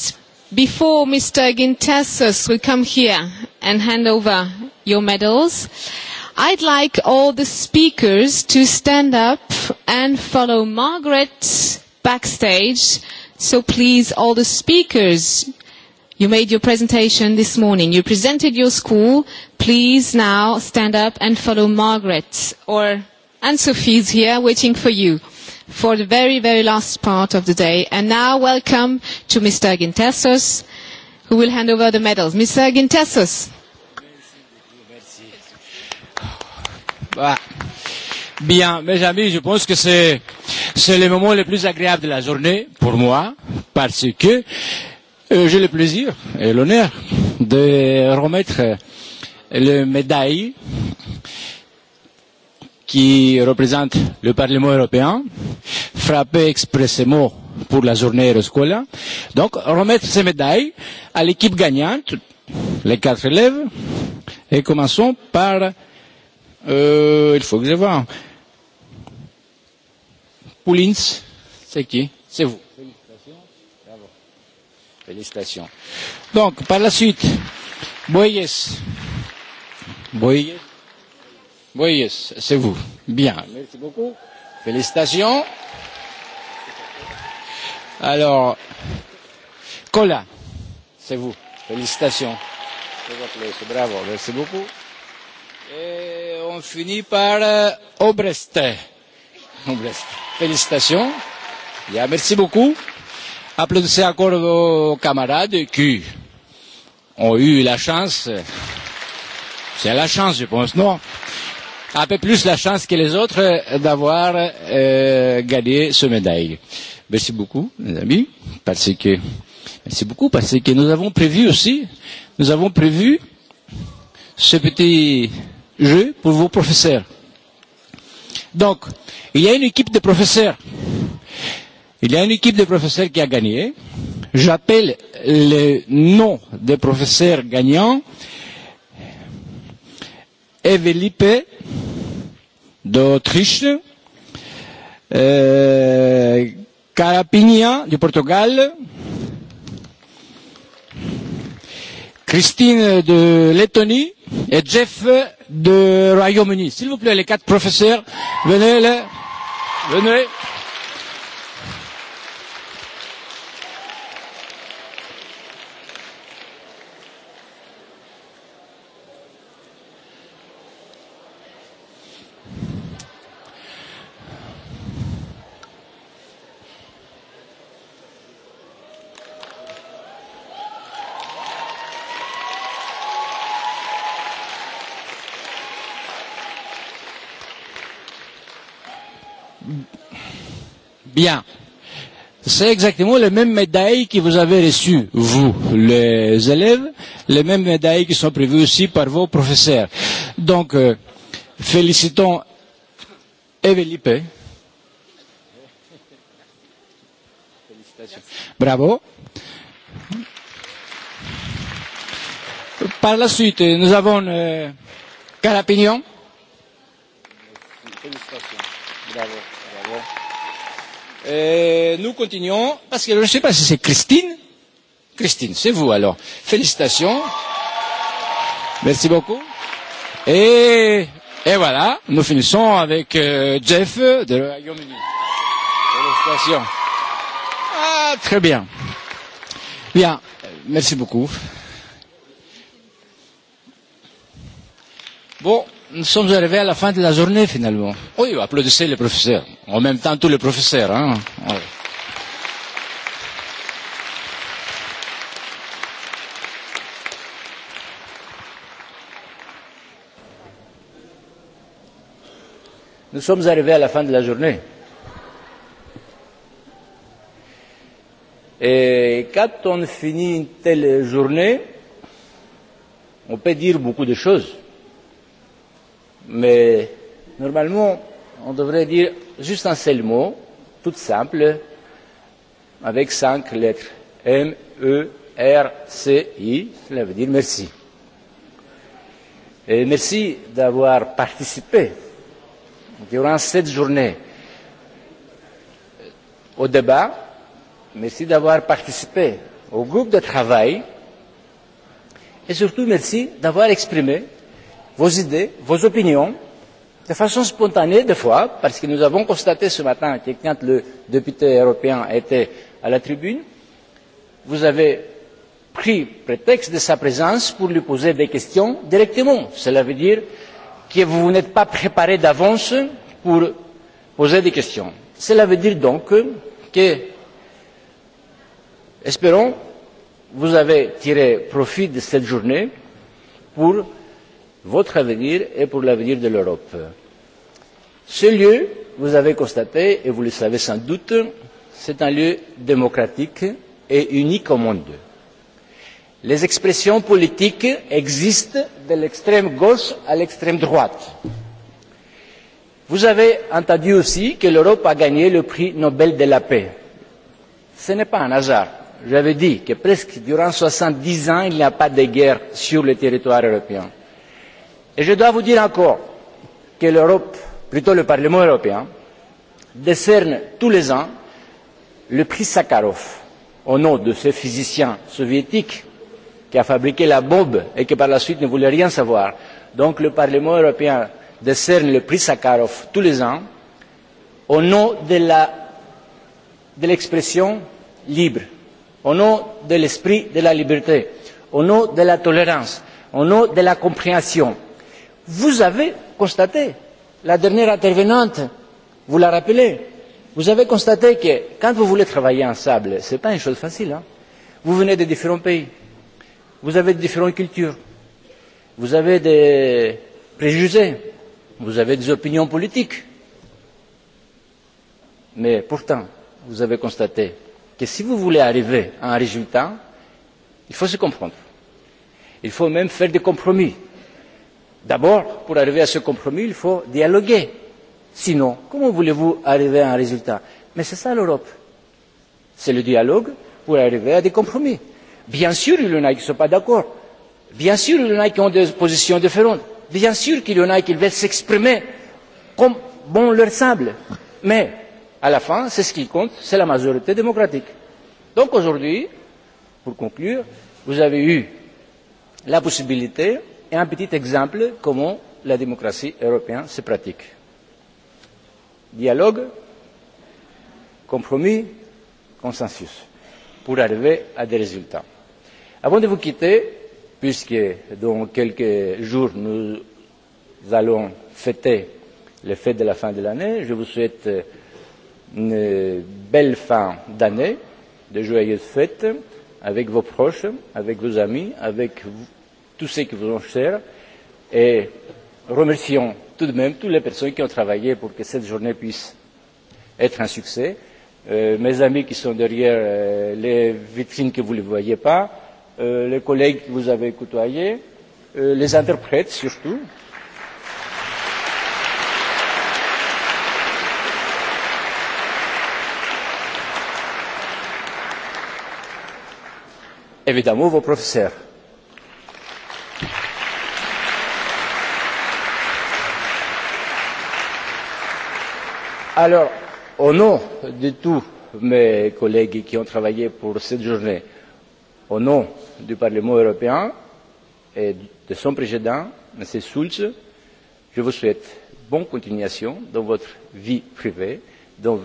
before Mr. Gintasos will come here and hand over your medals, I'd like all the speakers to stand up and follow Margaret backstage. So please, all the speakers, You made your presentation this morning. You presented your school. Please now stand up and follow Margaret or Anne-Sophie's here waiting for you for the very, very last part of the day. And now welcome to Mr. Gintessos who will hand over the medals. Mr. Gintessos Bien, mes amis, je pense que c'est le moment le plus agréable de la journée pour moi parce que J'ai le plaisir et l'honneur de remettre les médaille qui représente le Parlement européen, frappé expressément pour la journée aéroscolaire, Donc, remettre ces médailles à l'équipe gagnante, les quatre élèves, et commençons par, euh, il faut que je vois, Poulins, c'est qui C'est vous. Félicitations. Donc, par la suite, Boyes. Boyes. Boyes, c'est vous. Bien. Merci beaucoup. Félicitations. Alors, Cola, c'est vous. Félicitations. Bravo, merci beaucoup. Et on finit par Obreste. Obrest. Félicitations. Yeah, merci beaucoup. Applaudissez encore vos camarades qui ont eu la chance, c'est la chance je pense, non Un peu plus la chance que les autres d'avoir gagné ce médaille. Merci beaucoup, mes amis, parce que, merci beaucoup, parce que nous avons prévu aussi, nous avons prévu ce petit jeu pour vos professeurs. Donc, il y a une équipe de professeurs Il y a une équipe de professeurs qui a gagné. J'appelle le nom des professeurs gagnants. Evelipe d'Autriche, euh, Carapinha du Portugal, Christine de Lettonie et Jeff de Royaume-Uni. S'il vous plaît, les quatre professeurs, venez, les, venez. Bien. C'est exactement les mêmes médailles que vous avez reçues, vous, les élèves, les mêmes médailles qui sont prévues aussi par vos professeurs. Donc, félicitons Evelipe. Bravo. Par la suite, nous avons Carapignon. Félicitations. Bravo. Nous continuons, parce que je ne sais pas si c'est Christine. Christine, c'est vous alors. Félicitations. Merci beaucoup. Et, et voilà, nous finissons avec Jeff de Royaume-Uni. Félicitations. Ah, très bien. Bien, merci beaucoup. Bon, nous sommes arrivés à la fin de la journée finalement. Oui, applaudissez les professeurs. En même temps, tous les professeurs. Hein. Nous sommes arrivés à la fin de la journée. Et quand on finit une telle journée, on peut dire beaucoup de choses. Mais normalement, on devrait dire juste un seul mot, tout simple, avec cinq lettres. M, E, R, C, I. Cela veut dire merci. Et merci d'avoir participé durant cette journée au débat. Merci d'avoir participé au groupe de travail. Et surtout, merci d'avoir exprimé vos idées, vos opinions, de façon spontanée des fois, parce que nous avons constaté ce matin que quand le député européen était à la tribune, vous avez pris prétexte de sa présence pour lui poser des questions directement. Cela veut dire que vous n'êtes pas préparé d'avance pour poser des questions. Cela veut dire donc que, espérons, vous avez tiré profit de cette journée pour votre avenir et pour l'avenir de l'Europe. Ce lieu, vous avez constaté, et vous le savez sans doute, c'est un lieu démocratique et unique au monde. Les expressions politiques existent de l'extrême gauche à l'extrême droite. Vous avez entendu aussi que l'Europe a gagné le prix Nobel de la paix. Ce n'est pas un hasard. J'avais dit que presque durant 70 ans, il n'y a pas de guerre sur le territoire européen. Et je dois vous dire encore que l'Europe, plutôt le Parlement européen, décerne tous les ans le prix Sakharov au nom de ce physicien soviétique qui a fabriqué la bombe et qui par la suite ne voulait rien savoir. Donc le Parlement européen décerne le prix Sakharov tous les ans au nom de l'expression libre, au nom de l'esprit de la liberté, au nom de la tolérance, au nom de la compréhension vous avez constaté la dernière intervenante vous l'a rappelé vous avez constaté que quand vous voulez travailler ensemble ce n'est pas une chose facile vous venez de différents pays vous avez différentes cultures vous avez des préjugés vous avez des opinions politiques mais pourtant vous avez constaté que si vous voulez arriver à un résultat il faut se comprendre il faut même faire des compromis D'abord, pour arriver à ce compromis, il faut dialoguer. Sinon, comment voulez-vous arriver à un résultat Mais c'est ça l'Europe. C'est le dialogue pour arriver à des compromis. Bien sûr, il y en a qui ne sont pas d'accord. Bien sûr, il y en a qui ont des positions différentes. Bien sûr qu'il y en a qui veulent s'exprimer comme bon leur sable. Mais, à la fin, c'est ce qui compte, c'est la majorité démocratique. Donc aujourd'hui, pour conclure, vous avez eu la possibilité et un petit exemple comment la démocratie européenne se pratique. Dialogue, compromis, consensus, pour arriver à des résultats. Avant de vous quitter, puisque dans quelques jours nous allons fêter les fêtes de la fin de l'année, je vous souhaite une belle fin d'année, de joyeuses fêtes, avec vos proches, avec vos amis, avec vous tous ceux qui vous ont cher et remercions tout de même toutes les personnes qui ont travaillé pour que cette journée puisse être un succès. Mes amis qui sont derrière les vitrines que vous ne voyez pas, les collègues que vous avez côtoyés, les interprètes surtout. Évidemment, vos professeurs. Alors, au nom de tous mes collègues qui ont travaillé pour cette journée, au nom du Parlement européen et de son président, M. Schulz, je vous souhaite bonne continuation dans votre vie privée, dans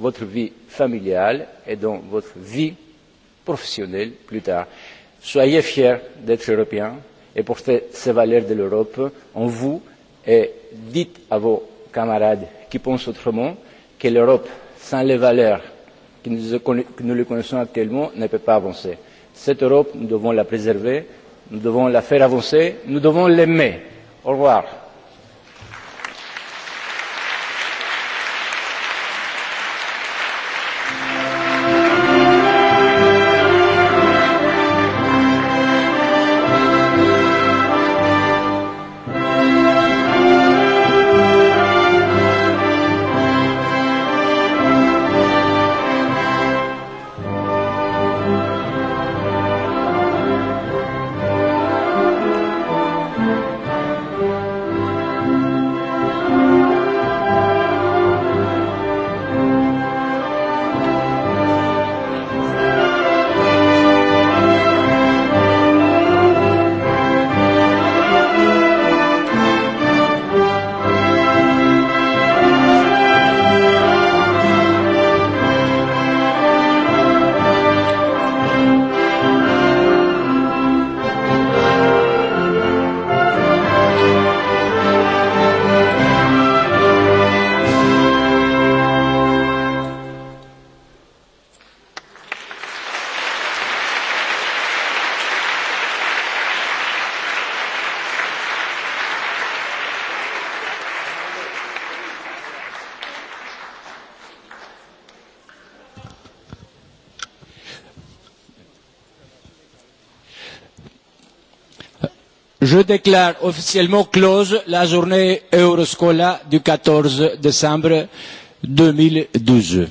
votre vie familiale et dans votre vie professionnelle plus tard. Soyez fiers d'être européens et portez ces valeurs de l'Europe en vous et dites à vos camarades qui pensent autrement, que l'Europe, sans les valeurs que nous connaissons actuellement, ne peut pas avancer. Cette Europe, nous devons la préserver, nous devons la faire avancer, nous devons l'aimer. Au revoir. déclare officiellement close la journée Euroscola du 14 décembre 2012.